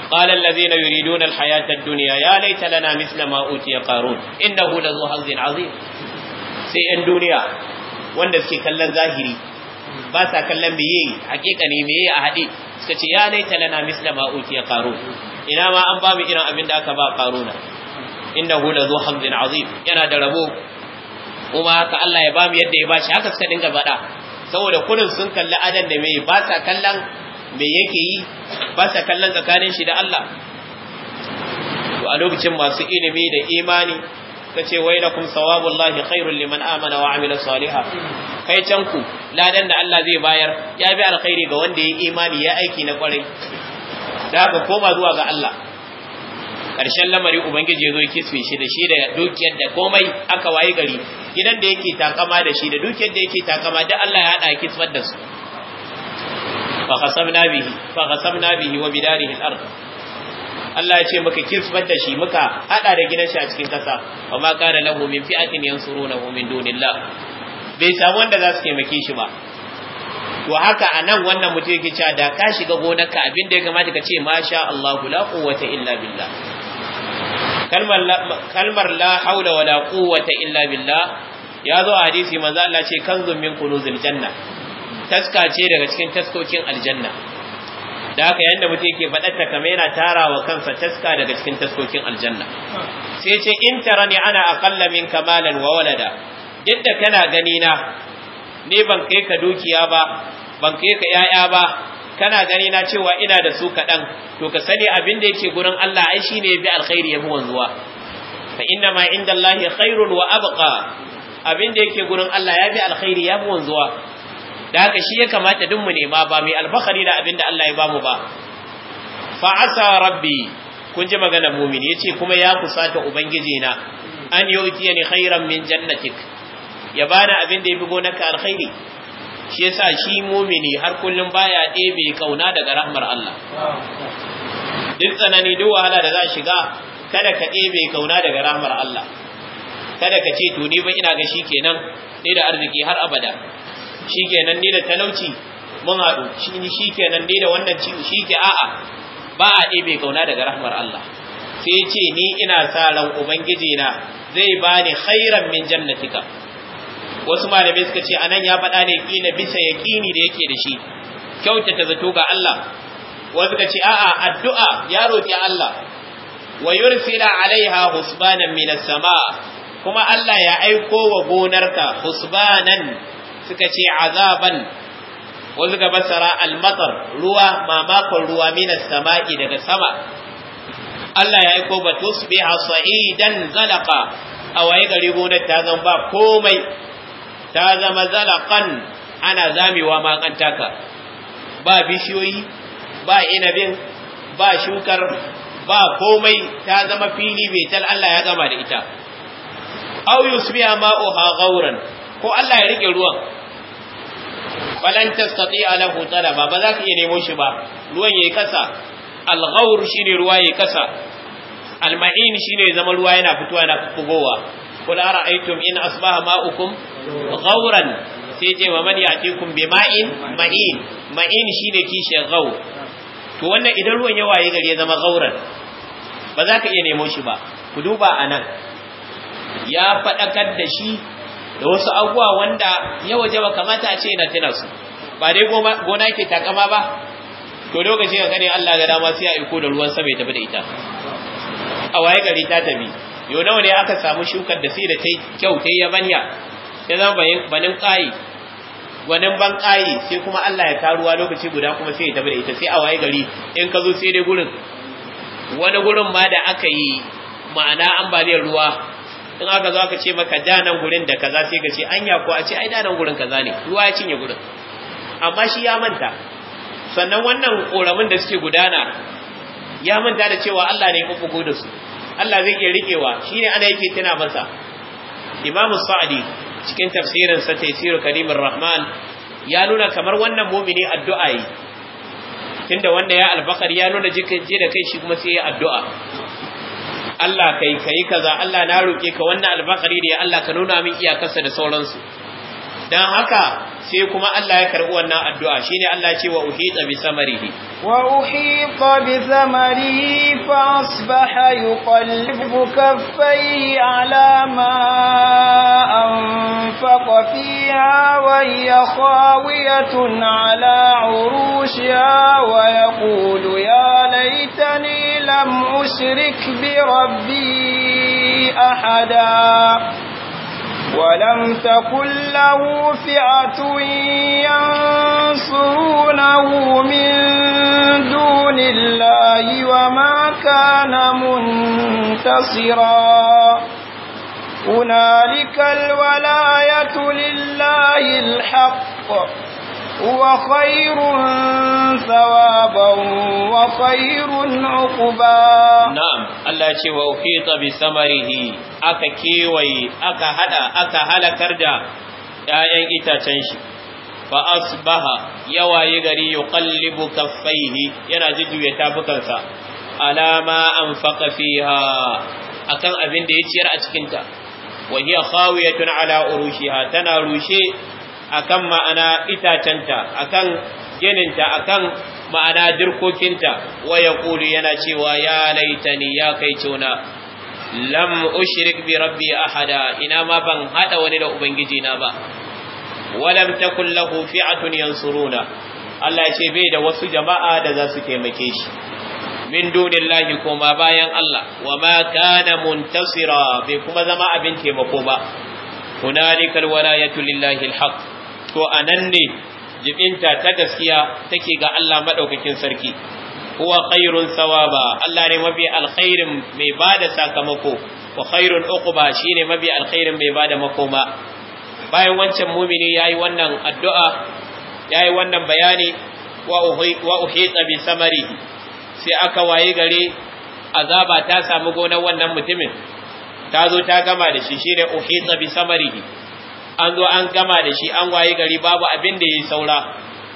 قال الذين يريدون الحياة الدنيا يا ليت لنا مثل ما أوتي قارون إنه لذو حظ عظيم sai ‘yan duniya wanda suke kallon zahiri ba sa kallon meye hakika ne meye a haɗe suka ce ya laita lana misla ma utiya karo ina ma an ba mu irin abin da aka ba karuna inda hula zo hamzin azim yana da rabo kuma haka Allah ya yadda ya ba haka suka dinga faɗa saboda kurin sun kalli adan da mai ba sa kallon me yake yi ba sa kallon tsakanin shi da Allah to a lokacin masu ilimi da imani ta ce wai lakum sawabullahi khairul liman amana wa amila Saliha, kai can ku ladan da Allah zai bayar ya bi alkhairi ga wanda ya imani ya aiki na kwarai da haka koma zuwa ga Allah Karshen lamari ubangiji ya zo ya kisfe shi da shi da dukiyar da komai aka waye gari gidan da yake takama da shi da dukiyar da yake takama da Allah ya hada kisfar da su fa khasamna bihi fa khasamna bihi wa bidarihi al-ard Allah ya ce muka kisfar da shi muka hada da gidan shi a cikin kasa wa ma kana lahu min fi'atin yansurunahu min dunillah bai samu wanda za su taimake shi ba to haka anan wannan mutum yake cewa da ka shiga gonarka abin da ya kamata ka ce masha Allah la quwwata illa billah kalmar la haula wala quwwata illa billah ya zo a hadisi manzo Allah ce kanzun min kunuzil janna taska ce daga cikin taskokin aljanna da haka yanda mutum yake faɗar ta kamar yana tara wa kansa taska daga cikin taskokin aljanna sai ce in tarani ana aqalla min kamalan wa walada duk da kana gani na ne ban kai ka dukiya ba ban kai ka yaya ba kana gani na cewa ina da su kaɗan to ka sani abin da yake gurin Allah ai shine bi alkhairi yafi wanzuwa fa inna ma inda Allah khairun wa abqa abin da yake gurin Allah ya bi alkhairi yafi wanzuwa da haka shi ya kamata duk mu nema ba mai albakhari da abin da Allah ya bamu ba fa asa rabbi kun ji magana mumin yace kuma ya kusata ubangiji na an yuti ni khairan min jannatik ya bana abin da yafi naka alkhairi shi yasa shi mumini har kullum baya ɗebe kauna daga rahmar Allah duk tsanani duk wahala da za shiga kada ka ɗebe kauna daga rahmar Allah kada ka ce to ni ba ina ga shi kenan ni da arziki har abada shi kenan ni da talauci mun haɗu shi kenan ni da wannan ciwo shi ke a'a ba a ɗebe kauna daga rahmar Allah sai ce ni ina sa ran ubangiji na zai bani khairan min jannatika wasu malamai suka ce anan ya faɗa ne kila bisa yaƙini da yake da shi kyautata zato ga Allah wasu suka ce a'a addu'a ya roƙi Allah wa yursila alaiha husbanan minas sama kuma Allah ya aiko wa gonarka husbanan suka ce azaban wasu ga basara almatar ruwa mamakon ruwa minas sama'i daga sama Allah ya aiko ba tusbiha sa'idan zalaqa a waye gari gonar ta zan ba komai ta zama zalaqan ana zamewa ma ba bishiyoyi ba inabin ba shukar ba komai ta zama fili betal Allah ya gama da ita aw yusbiha ma'uha gauran ko Allah ya rike ruwan balanta sati ala talaba ba za ka iya nemo shi ba ruwan yayi kasa al-ghaur shine ruwa yayi kasa al-ma'in shine zama ruwa yana fitowa yana fugowa kula ra'aytum in asbaha ma'ukum ghauran sai ce wa man ya'tikum bi ma'in ma'in ma'in shine kishin ghaur to wannan idan ruwan ya waye gari ya zama ghauran ba za ka iya nemo shi ba ku duba anan ya fadakar da shi da wasu abubuwa wanda ya waje ba kamata a ce na tuna su ba dai gona ke takama ba to lokacin ka ne Allah ga dama sai ya aiko da ruwan sama ya tafi da ita a waye gari ta tafi yau nawa ne aka samu shukar da sai da ta kyau ta yabanya ya zama banin ƙayi wani ban ƙayi sai kuma Allah ya taruwa lokaci guda kuma sai ya tafi da ita sai a waye gari in ka zo sai dai gurin wani gurin ma da aka yi ma'ana ambaliyar ruwa in aka zo aka ce maka da nan gurin da kaza sai ka ce anya ko a ce ai da nan gurin kaza ne ruwa ya cinye gurin amma shi ya manta sannan wannan ƙoramin da suke gudana ya manta da cewa Allah ne ya kuɓugo da su Allah zai iya riƙewa ne ana yake tana masa Imam Sa'adi cikin tafsirin sa Tafsir Karimur Rahman ya nuna kamar wannan mu'mini addu'a yi tunda wanda ya albakar ya nuna jikin je da kai shi kuma sai ya addu'a Allah kai kai kaza Allah na roke ka wannan albakari da ya Allah ka nuna min iyakarsa da sauransu dan haka sai kuma Allah ya karbi wannan addu'a shine Allah ya ce wa uhita bi samarihi wa uhita bi samarihi fa asbaha yuqallibu kaffayhi ala ma anfaqa fiha wa hiya khawiyatun ala urushiha wa yaqulu ya laitani lam ushrik bi rabbi ahada ولم تكن له فئة ينصرونه من دون الله وما كان منتصرا هنالك الولاية لله الحق وخير ثوابا وخير عقبا نعم الله يشي وأحيط بثمره أكا كيوي أكا هدا أكا هلا كردا آيان إتا تنشي فأصبح يوى يغري يقلب كفيه ينازد الفا على ما أنفق فيها أكن أبن دي يتشير أتكنتا وهي خاوية على أروشها تنا روشي akan ma'ana itacenta akan gininta akan ma'ana dirkokinta waya Kulu yana cewa ya laitani ya kai cona lam ushrik bi rabbi ahada ina ma ban haɗa wani da ubangiji na ba walam takul lahu fi'atun yansuruna Allah ya ce bai da wasu jama'a da za su taimake shi min dunillahi kuma bayan Allah wa ma kana muntasira bai kuma zama abin taimako ba hunalikal walayatu lillahi alhaq to a nan ne jibinta ta gaskiya take ga Allah maɗaukakin sarki huwa khairun sawaba Allah ne mabi alkhairin mai bada sakamako wa khairun uquba shine mabi alkhairin mai bada makoma bayan wancan mumini yayi wannan addu'a yayi wannan bayani wa uhita bi samari sai aka waye gare azaba ta samu gonar wannan mutumin ta zo ta gama da shi shine uhita bi samarihi an zo an gama da shi an wayi gari babu abin da yayi saura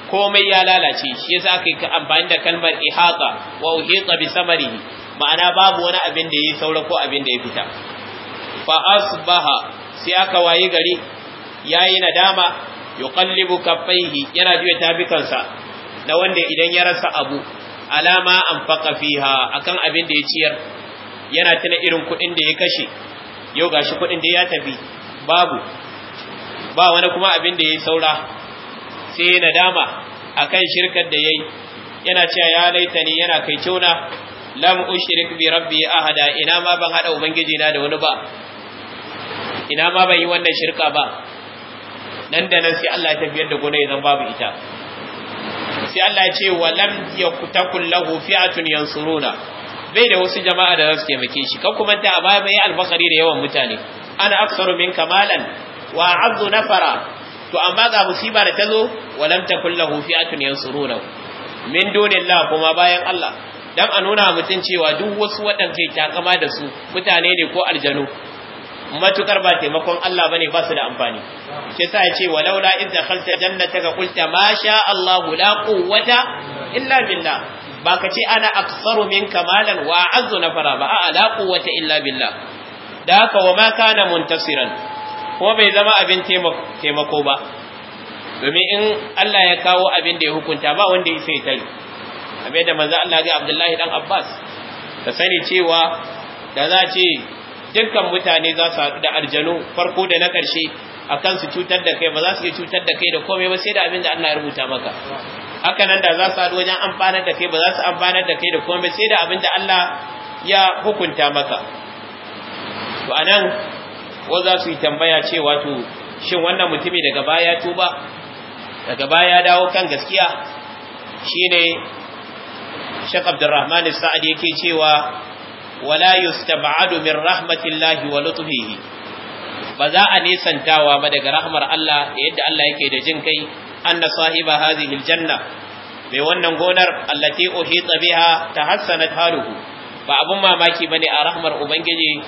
komai ya lalace shi yasa aka yi amfani da kalmar ihaqa wa uhiqa bi samarihi ma'ana babu wani abin da yayi saura ko abin da ya fita fa asbaha sai aka wayi gari yayi nadama yuqallibu kaffaihi yana juya tabikansa da wanda idan ya rasa abu alama anfaqa fiha akan abin da ya ciyar yana tuna irin kuɗin da ya kashe yau gashi kuɗin da ya tafi babu ba wani kuma abin da ya saura sai ya nadama akan shirkar da yayi yana cewa ya ne, yana kai kyauna lam ushrik bi rabbi ahada ina ma ban hada ubangiji na da wani ba ina ma ban yi wannan shirka ba nan da nan sai Allah ya tafiyar da gona zan babu ita sai Allah ya ce wa lam yakutakul lahu fi'atun yansuruna bai da wasu jama'a da za su taimake shi kan kuma ta a baya bai albakari da yawan mutane ana aksaru min kamalan wa azzu nafara to amma ga musiba da tazo walam takul lahu fi'atun yansurunahu min dunillah kuma bayan Allah dan a nuna mutun cewa duk wasu waɗanda ke takama da su mutane ne ko aljanu matukar ba taimakon Allah bane ba su da amfani shi yasa yace walaula idza khalta jannataka qulta ma sha Allah la quwwata illa billah ba ka ce ana aksaru min malan wa azzu nafara ba a la quwwata illa billah da haka wa ma kana muntasiran Kuma bai zama abin taimako ba domin in Allah ya kawo abin da ya hukunta ba wanda ya sai tare abin da manzo Allah ga Abdullahi dan Abbas ta sani cewa da za ce dukkan mutane za su haɗu da aljanu farko da na ƙarshe a kan su cutar da kai ba za su iya cutar da kai da komai ba sai da abin da Allah ya rubuta maka haka nan da za su haɗu wajen amfanar da kai ba za su amfanar da kai da komai sai da abin da Allah ya hukunta maka to anan ko za su yi tambaya cewa to shin wannan mutumi daga baya tuba daga baya dawo kan gaskiya shine Sheikh Abdulrahman Sa'ad yake cewa wala yustab'adu min rahmatillahi wa lutfihi ba za a nisantawa ba daga rahmar Allah da yadda Allah yake da jin kai anna sahiba hadhihi aljanna mai wannan gonar allati uhita biha tahassanat haluhu ba abun mamaki bane a rahmar ubangiji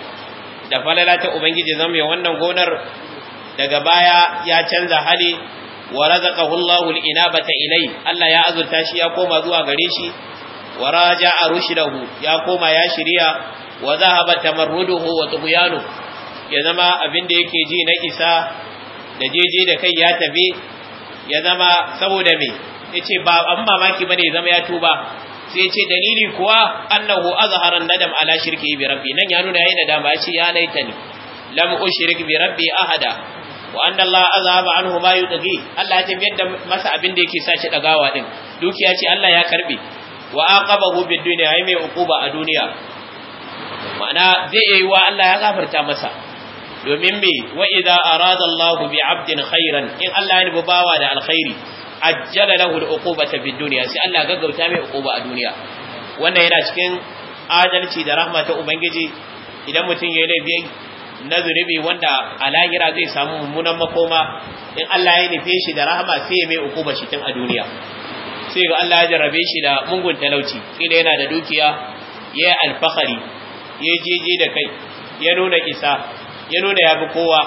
da falala ta ubangiji zama mai wannan gonar daga baya ya canza hali wa razaqahu Allahu al-inabata ilai Allah ya azurta shi ya koma zuwa gare shi wa raja'a rushdahu ya koma ya shirya. wa zahaba tamarruduhu wa tughyanu ya zama abin da yake ji na isa da jeje da kai ya tafi ya zama saboda me yace ba an mamaki bane ya zama ya tuba sai ce dalili kuwa annahu azhara nadam ala shirki bi rabbi nan ya nuna yayin da dama ya ce ya laitani lam ushrik bi rabbi ahada wa anna Allah azhaba anhu ma yudghi Allah ya tafiyar da masa abin da yake sa shi dagawa din dukiya ce Allah ya karbe wa aqabahu bid dunya ay mai uquba a duniya ma'ana zai yi wa Allah ya gafarta masa domin me wa idza arada Allah bi 'abdin khairan in Allah ya nubawa da alkhairi ajjala lahu al-uqubata fid dunya sai Allah gaggauta mai uquba a duniya wannan yana cikin adalci da rahma ta ubangiji idan mutum yayi laifi na zunubi wanda a lahira zai samu mummunan makoma in Allah ya nufe shi da rahama sai ya mai uquba shi tun a duniya sai ga Allah ya jarrabe shi da mungun talauci idan yana da dukiya ya yi alfahari ya jeje da kai ya nuna isa ya nuna ya kowa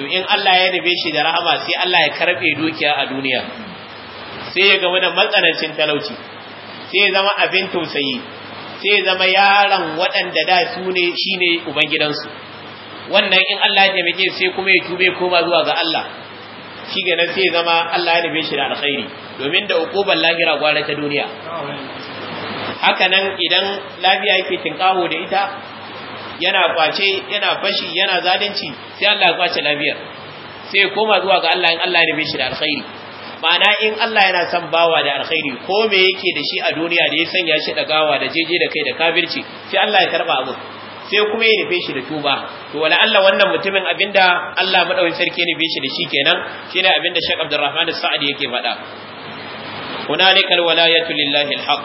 to in Allah ya nufe shi da rahama sai Allah ya karbe dukiya a duniya sai ya gamu da matsanancin talauci sai zama abin tausayi sai ya zama yaron waɗanda da su ne shi ne ubangidansu wannan in Allah ya taimake sai kuma ya tube koma zuwa ga Allah shi nan sai zama Allah ya nufe shi da alkhairi domin da ukuban lahira gwara ta duniya haka nan idan lafiya yake tinkaho da ita yana kwace yana fashi yana zalunci sai Allah ya kwace lafiyar sai koma zuwa ga Allah in Allah ya nufe shi da alkhairi ma'ana in Allah yana son bawa da alkhairi ko me yake da shi a duniya da ya sanya shi da gawa da jeje da kai da kabirci? sai Allah ya karba abu sai kuma ya nufe shi da tuba to wala Allah wannan mutumin abinda Allah madawin sarki ne shi da shi kenan shine abinda Sheikh Abdulrahman Sa'adi yake faɗa hunalikal walayatu lillahi alhaq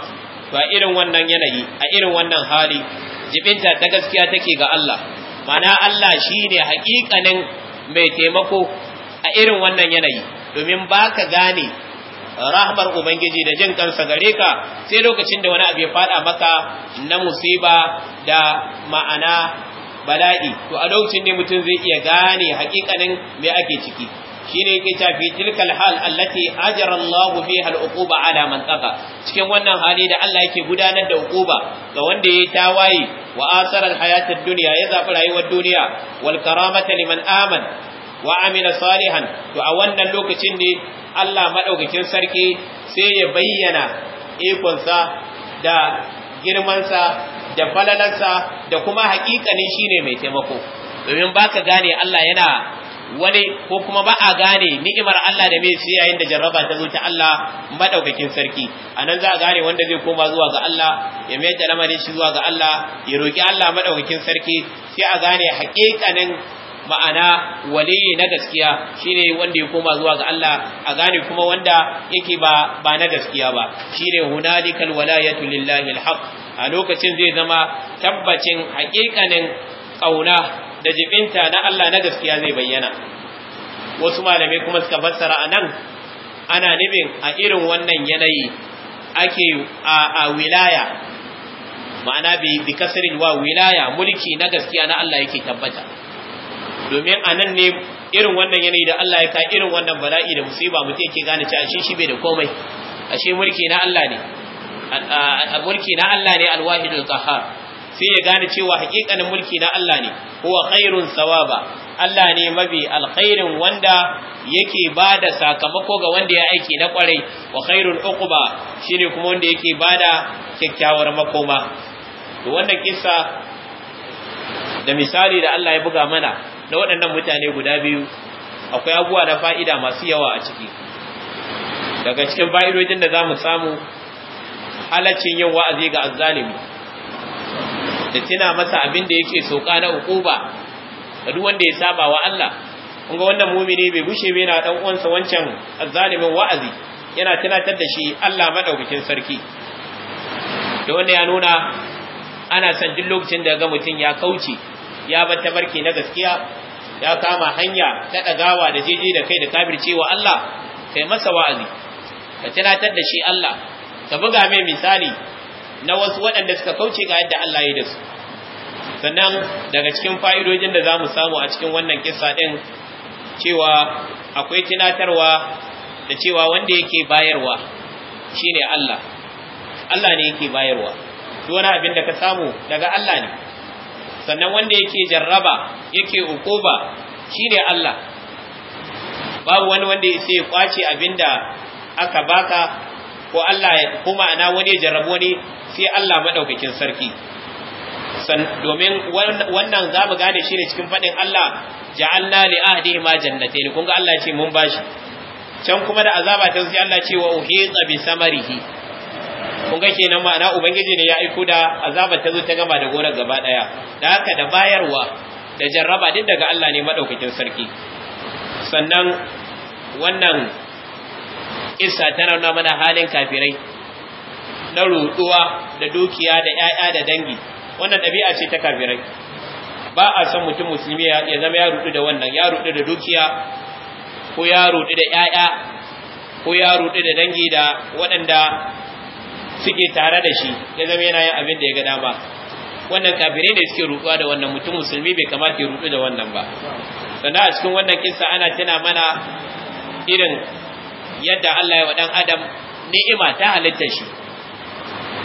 ba irin wannan yanayi a irin wannan hali jibinta ta gaskiya take ga Allah ma'ana Allah shine haƙiƙanin mai taimako a irin wannan yanayi domin ba ka gane rahmar ubangiji da jin kansa gare ka sai lokacin da wani abu ya fada maka na musiba da ma'ana bala'i to a lokacin ne mutum zai iya gane hakikanin me ake ciki shine yake ta fi tilkal hal allati ajara Allah biha al-uquba ala man taqa cikin wannan hali da Allah yake gudanar da uquba ga wanda yayi tawaye wa asara al-hayat ad-dunya ya zafi rayuwar duniya wal karamata liman aman wa amila salihan to a wannan lokacin ne Allah madaukakin sarki sai ya bayyana ikonsa da girmansa da falalansa da kuma hakikanin shine mai taimako domin baka gane Allah yana wani ko kuma ba a gane ni'imar Allah da mai shi yayin da jarraba ta zo ta Allah madaukakin sarki anan za a gane wanda zai koma zuwa ga Allah ya mai da lamarin shi zuwa ga Allah ya roki Allah madaukakin sarki sai a gane haƙiƙanin ma'ana waliyi na gaskiya shine wanda ya koma zuwa ga Allah a gane kuma wanda yake ba ba na gaskiya ba shine hunalikal walayatu lillahi alhaq a lokacin zai zama tabbacin haƙiƙanin kauna da jibinta na Allah na gaskiya zai bayyana wasu malamai kuma suka fassara anan ana nufin a irin wannan yanayi ake a wilaya ma'ana bi kasrin wa wilaya mulki na gaskiya na Allah yake tabbata domin a nan ne irin wannan yanayi da Allah ya ka irin wannan bala'i da musiba mutum yake gane cewa shi shi bai da komai ashe mulki na Allah ne mulki na Allah ne alwahidul qahhar sai ya gane cewa hakikanin mulki na Allah ne huwa khairun sawaba Allah ne mabi alkhairin wanda yake bada sakamako ga wanda ya aiki na kwarai wa khairul uquba shine kuma wanda yake bada kyakkyawar makoma to wannan kissa da misali da Allah ya buga mana na waɗannan mutane guda biyu akwai abuwa na fa'ida masu yawa a ciki daga cikin fa'idojin da za mu samu halaccin yin wa'azi ga azzalumi, da tina masa abin da yake soka na ukuba da duk wanda ya saba wa Allah kun ga wannan mumini bai bushe bai na dan uwansa wancan azalimin wa'azi yana tunatar da shi Allah maɗaukakin sarki da wanda ya nuna ana son duk lokacin da ga mutum ya kauce ya bar tabarki na gaskiya ya kama hanya ta gawa da jeje da kai da wa Allah kai masa wa'azi ka tunatar da shi Allah ka buga mai misali na wasu waɗanda suka kauce ga yadda Allah ya da su sannan daga cikin fa'idojin da za mu samu a cikin wannan kissa ɗin cewa akwai tunatarwa da cewa wanda yake bayarwa shine Allah Allah ne yake bayarwa duk wani abin da ka samu daga Allah ne sannan wanda yake jarraba yake ukuba shine Allah babu wani wanda ya sai kwace abinda aka baka ko Allah kuma ana wani jarrabo ne sai Allah madaukakin sarki domin wannan za mu gane shi ne cikin faɗin Allah ja'alna li ahdihi ma ne kun ga Allah ce mun bashi can kuma da azaba ta sai Allah ce wa uhiqa bi samarihi kun ga kenan ma'ana ubangiji ne ya aiko da azabar ta zo ta gama da gonar gaba daya da haka da bayarwa da jarraba duk daga Allah ne madaukakin sarki sannan wannan isa ta nuna mana halin kafirai na ruduwa da dukiya da ƴaƴa da dangi wannan ɗabi'a ce ta kafirai ba a san mutum musulmi ya zama ya rudu da wannan ya rudu da dukiya ko ya rudu da ƴaƴa ko ya rudu da dangi da waɗanda suke tare da shi ya zama yana yin abin da ya ga dama wannan kafirai ne suke ruɗuwa da wannan mutum musulmi bai kamata ya ruɗu da wannan ba sannan a cikin wannan kisa ana tana mana irin yadda Allah ya wa dan adam ni'ima ta halitta shi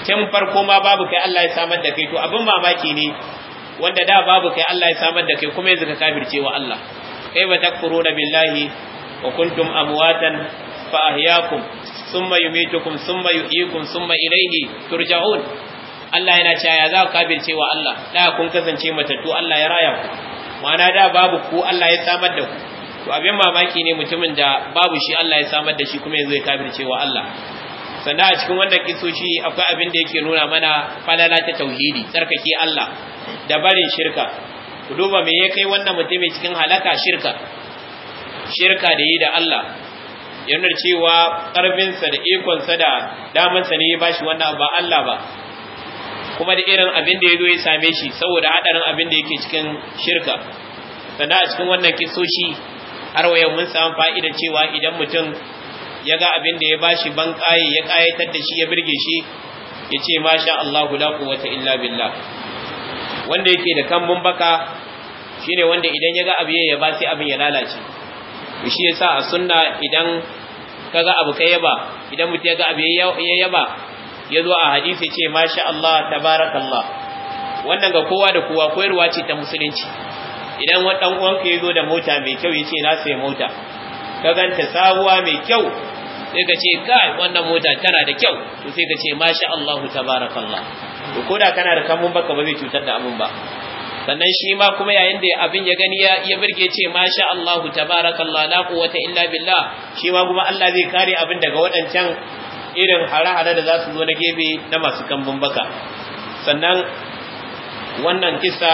tun farko ma babu kai Allah ya samar da kai to abin mamaki ne wanda da babu kai Allah ya samar da kai kuma yanzu ka kafirce wa Allah kai ba takfuruna billahi wa kuntum amwatan fa ثم يميتكم ثم يحييكم ثم thumma ترجعون turja'un Allah yana cewa ya za ku kafirce wa Allah da kun kasance matattu Allah ya raya ku ma'ana da babu ku Allah ya samar da ku to abin mamaki ne mutumin da babu shi Allah ya samar da shi kuma yanzu ya kafirce wa Allah sannan a cikin wannan kisoshi akwai abin da yake nuna mana falala ta tauhidi tsarkake Allah da barin shirka ku duba me ya kai wannan mutumin cikin halaka shirka shirka da yi da Allah yana cewa ƙarfinsa da ikonsa da damansa ne ya bashi wannan ba Allah ba kuma da irin abin da ya zo ya same shi saboda haɗarin abin da yake cikin shirka sannan a cikin wannan kisoshi har wayo mun samu fa'ida cewa idan mutum ya ga abin da ya bashi ban ƙaye ya ƙayatar da shi ya birge shi ya ce masha Allah la quwwata illa billah wanda yake da kan mun baka shine wanda idan ya ga abu ya ba sai abin ya lalace shi yasa a sunna idan kaga abu ka yaba idan mutum ya ga abu ya yaba ya zo a hadisi ce masha Allah tabarakallah wannan ga kowa da kowa koyarwa ce ta musulunci idan wani dan uwanka ya zo da mota mai kyau yace ce na sai mota ka ganta sabuwa mai kyau sai ka ce kai wannan mota tana da kyau to sai ka ce masha Allah tabarakallah to da kana da kamun baka ba zai cutar da abun ba sannan shi ma kuma yayin da abin ya gani ya birge ce masha Allahu tabarakallah la quwwata illa billah shi ma kuma Allah zai kare abin daga waɗancan irin hare-hare da za su zo na gebe na masu kambun baka sannan wannan kisa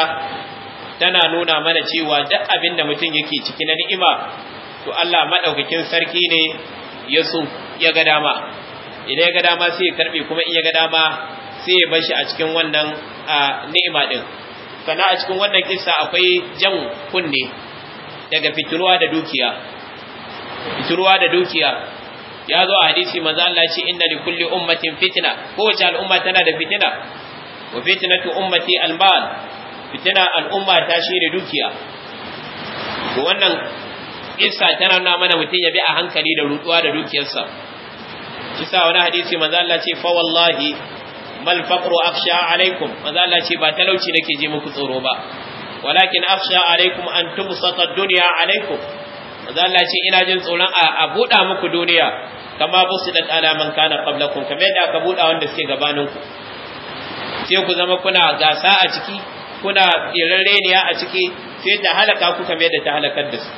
tana nuna mana cewa duk abin da mutum yake ciki na ni'ima to Allah madaukakin sarki ne ya so ya ga dama idan ya ga dama sai ya karbe kuma in ya ga dama sai ya bar shi a cikin wannan ni'ima din kana a cikin wannan kissa akwai jan kunne daga fitiruwa da dukiya fitiruwa da dukiya ya zo a hadisi manzo Allah ya ce inna li kulli ummatin fitna kowace al'umma tana da fitina wa fitnatu ummati al-mal fitina al'umma ta shine dukiya to wannan kissa tana nuna mana mutum ya bi a hankali da rutuwa da dukiyarsa kisa wani hadisi manzo Allah ce fa wallahi bal faqru akhsha alaikum manzo Allah ce ba talauci nake je muku tsoro ba walakin akhsha alaikum an tubsata dunya alaikum manzo Allah ce ina jin tsoron a buɗa muku duniya kama busidat ala man kana qablakum kamar yadda aka buɗa wanda suke gabanin ku sai ku zama kuna gasa a ciki kuna tsirarreniya a ciki sai ta halaka ku kamar yadda ta halakar da su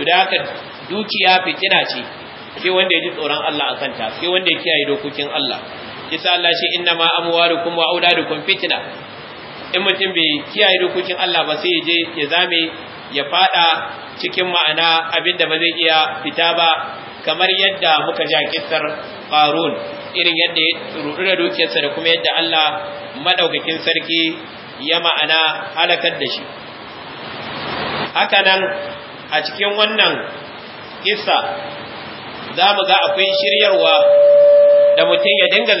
to da haka dukiya fitina ce sai wanda ya ji tsoron Allah akan ta sai wanda ya kiyaye dokokin Allah yasa Allah shi inna ma amwalukum wa auladukum fitna in mutum bai kiyaye dokokin Allah ba sai ya je ya zame ya fada cikin ma'ana abin da ba zai iya fita ba kamar yadda muka ja kissar Qarun irin yadda ya rudu da dukiyarsa da kuma yadda Allah madaukakin sarki ya ma'ana halakar da shi haka nan a cikin wannan kissa za mu ga akwai shiryarwa da mutum ya dinga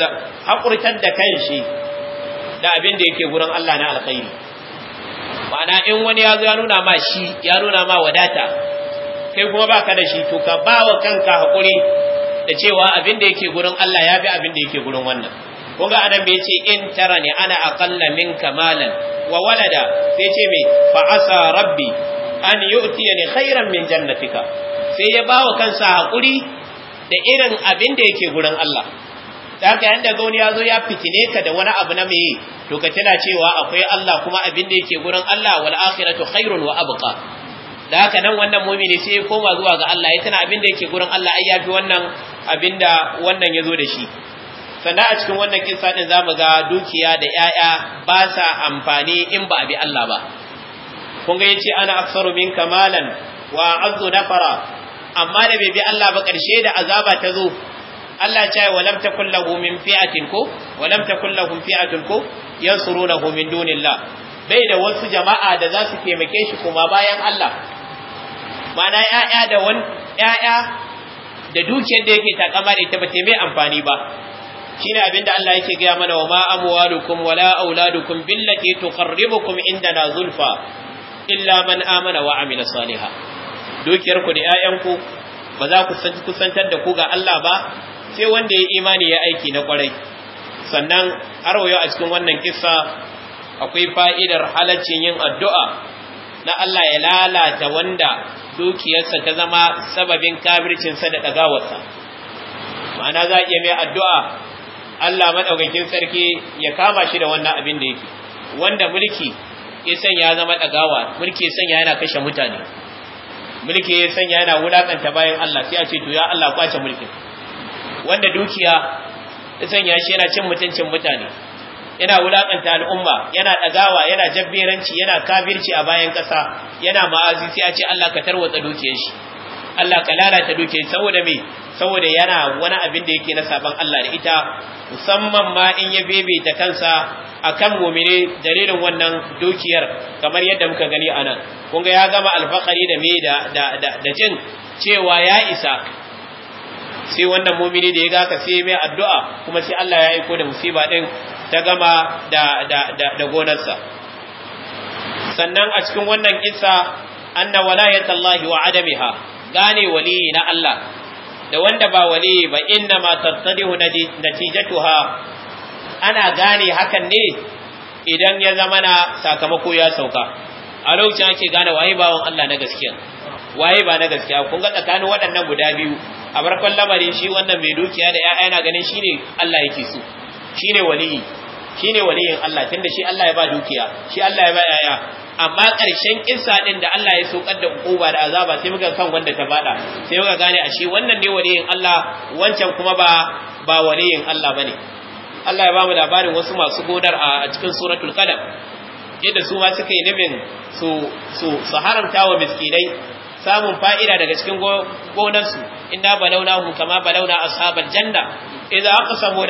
haƙurtar da kan shi da abin da yake gurin Allah na alkhairi ma'ana in wani ya zo ya nuna ma shi ya nuna ma wadata kai kuma baka da shi to ka ba wa kanka haƙuri da cewa abin da yake gurin Allah ya fi abin da yake gurin wannan kun ga adam bai ce in tara ne ana aƙalla min kamalan wa walada sai ce me fa'asa rabbi an ne, khairan min jannatika sai ya ba wa kansa haƙuri da irin abin da yake gurin Allah da haka yanda gauni ya zo ya fitine ka da wani abu na meye to ka tana cewa akwai Allah kuma abin da yake gurin Allah wal akhiratu khairun wa abqa da haka nan wannan mu'mini sai ya koma zuwa ga Allah ya tana abin da yake gurin Allah ai yafi wannan abin da wannan ya zo da shi sannan a cikin wannan kissa din zamu ga dukiya da 'ya'ya ba sa amfani in ba bi Allah ba kun ga yace ana aksaru min kamalan wa azu nafara amma da bai bi Allah ba karshe da azaba ta zo Allah ya ce walam takul lahu min fi'atin ko walam takul lahum fi'atun ko yansurunahu min dunillah bai da wasu jama'a da za su taimake shi kuma bayan Allah Mana 'ya'ya da wan ya'ya da dukiyar da yake takama da ita ba ta mai amfani ba shine abinda Allah yake gaya mana wa ma amwalukum wala auladukum billati tuqarribukum indana zulfa illa man amana wa amila salihah dukiyar ku da 'ya'yanku ba za ku kusantar da ku ga Allah ba sai wanda ya imani ya aiki na kwarai sannan har wayo a cikin wannan kisa akwai fa'idar halaccin yin addu'a na Allah ya lalata wanda dukiyarsa ta zama sababin kabircinsa da ɗagawarsa ma'ana za a iya mai addu'a Allah maɗaukakin sarki ya kama shi da wannan abin da yake wanda mulki ya zama ɗagawa mulki ya yana kashe mutane mulki ya sanya yana wulaƙanta bayan Allah sai a ce to ya Allah kwace mulkin wanda dukiya ya sanya shi yana cin mutuncin mutane yana wulakanta al'umma yana ɗagawa yana jabberanci yana kafirci a bayan ƙasa yana ma'azi sai a ce Allah ka tarwatsa dukiyar shi Allah ka lalata dukiyar saboda me saboda yana wani abin da yake na saban Allah da ita musamman ma in ya bebe ta kansa akan mu'mine dalilin wannan dukiyar kamar yadda muka gani anan kun ga ya gama alfakari da me da da jin cewa ya isa sai wannan mumini da ya ga ka sai mai addu'a kuma sai Allah ya aiko da musiba din ta gama da da da, da gonarsa sannan a cikin wannan kissa anna Allah wa adamiha gane waliyi na Allah da wanda ba waliyi ba inna ma tattadihu natijatuha ana gane hakan ne idan ya zama na sakamako ya sauka a lokacin ake gane waye bawon Allah na gaskiya waye ba na gaskiya kun ga tsakanin waɗannan guda biyu a farkon lamarin shi wannan mai dukiya da ya'ya na ganin shine Allah yake so shine waliyi shine waliyin Allah tunda shi Allah ya ba dukiya shi Allah ya ba ya'ya amma ƙarshen kissa din da Allah ya sokar da hukuma da azaba sai muka kan wanda ta bada sai muka gane a shi wannan ne waliyin Allah wancan kuma ba ba waliyin Allah bane Allah ya ba mu labarin wasu masu godar a cikin suratul qalam yadda su ma suka yi nufin su su haramta wa miskinai samun fa'ida daga cikin gonarsu Ina Balauna kama balawna ashabal janna idza aqsamu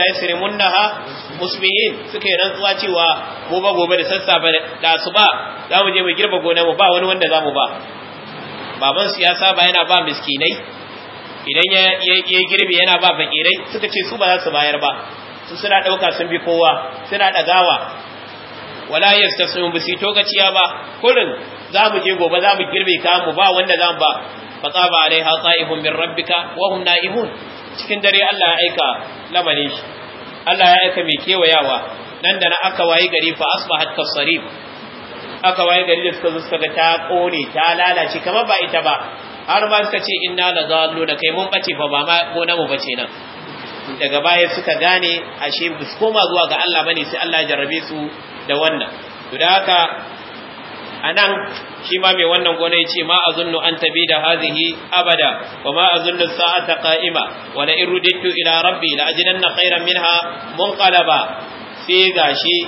munna ha musbihin suka yi rantsuwa cewa gobe gobe da sassafe da asuba za mu je mu girba gonar mu ba wani wanda za mu ba baban siyasa ba yana ba miskinai idan ya girbe yana ba fakirai suka ce su ba za su bayar ba su suna ɗauka sun bi kowa suna ɗagawa wala yastasmu bisi togaciya ba kurin za mu je gobe za mu girbe ka mu ba wanda zan ba tsaba alaiha sa'ihum min rabbika wa hum na'imun cikin dare Allah ya aika lamarin shi Allah ya aika mai kewayawa nan da na aka waye gari fa asbahat kasarib aka waye gari da suka zo suka ta kone ta lalace kamar ba ita ba har ma suka ce inna la zallu da kai mun bace fa ba ma gona mu bace nan daga baya suka gane ashe ba koma zuwa ga Allah bane sai Allah ya jarrabe su da wannan to da haka anan shi ma mai wannan gona yace ma azunnu an tabi da hazihi abada wa ma azunnu sa'ata qa'ima wa la irudittu ila rabbi la ajidanna khayran minha munqalaba sai gashi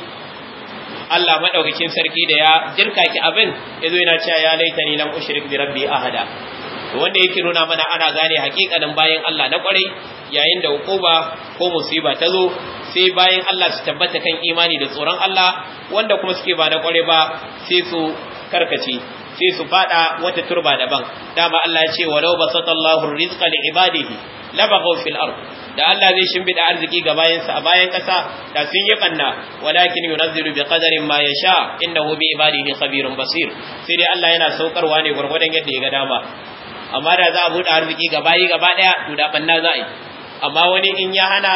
Allah madaukakin sarki da ya jirka ki abin yazo yana cewa ya laitani lam ushrik bi rabbi ahada da wanda yake nuna mana ana gane hakikanin bayan Allah na kwarai yayin da hukuma ko musiba ta zo sai bayan Allah su tabbata kan imani da tsoron Allah wanda kuma suke ba na kwarai ba sai su karkace sai su fada wata turba daban dama Allah ya ce walau basatallahu rizqa li ibadihi labaghaw fil ard da Allah zai shimbida arziki ga bayansa a bayan kasa da sun yi banna walakin yunazzilu bi qadarin ma yasha innahu bi ibadihi khabirun basir sai dai Allah yana saukarwa ne gurgurdan yadda ya ga dama amma da za a buɗe arziki gaba yi gaba ɗaya to da banna za a yi amma wani in ya hana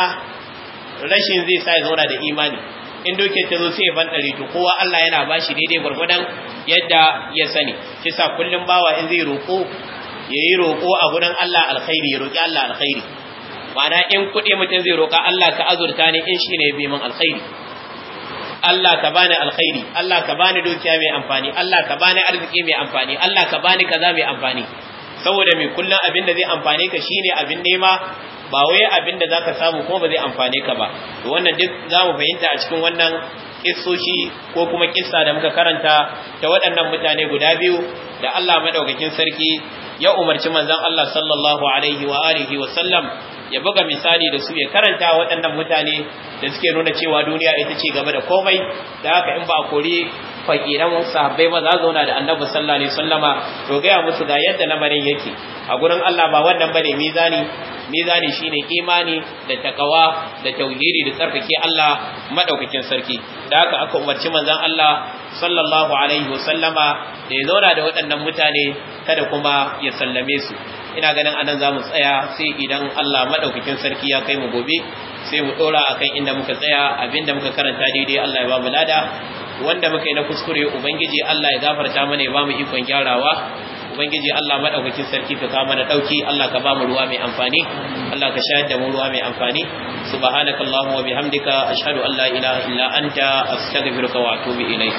rashin zai sa ya zauna da imani in doke ta zo sai ya bandare to kowa Allah yana ba shi daidai gwargwadon yadda ya sani kisa kullum bawa in zai roƙo ya yi roƙo a gurin Allah alkhairi ya roƙi Allah alkhairi ma'ana in kuɗi mutum zai roƙa Allah ka azurta ni in shi ne ya bi min alkhairi Allah ka bani alkhairi Allah ka bani dukiya mai amfani Allah ka bani arziki mai amfani Allah ka bani kaza mai amfani saboda mai kullum abin da zai amfane ka shine abin nema ba wai abin da zaka samu kuma ba zai amfane ka ba to wannan duk zamu fahimta a cikin wannan kissoshi ko kuma kissa da muka karanta ta waɗannan mutane guda biyu da Allah madaukakin sarki ya umarci manzon Allah sallallahu alaihi wa wa sallam ya buga misali da su ya karanta waɗannan mutane da suke nuna cewa duniya ita ce game da komai da haka in ba a kori fakiran sahabbai ba za zauna da annabi sallallahu alaihi wasallama to gaya musu ga yadda na lamarin yake a gurin Allah ba wannan bane mizani mizani shine imani da takawa da tauhidi da tsarkake Allah madaukakin sarki da haka aka umarci manzon Allah sallallahu alaihi wasallama da ya zauna da waɗannan mutane kada kuma ya sallame su ina ganin anan za mu tsaya sai idan Allah madaukakin sarki ya kai mu gobe sai mu dora akan inda muka tsaya abinda muka karanta daidai Allah ya ba mu lada wanda muka yi na kuskure ubangiji Allah ya gafarta mana ya ba mu ikon gyarawa ubangiji Allah madaukakin sarki ka kama na dauki Allah ka ba mu ruwa mai amfani Allah ka shayar da mu ruwa mai amfani subhanakallahumma wa bihamdika ashhadu an la ilaha illa anta astaghfiruka wa atubu ilaik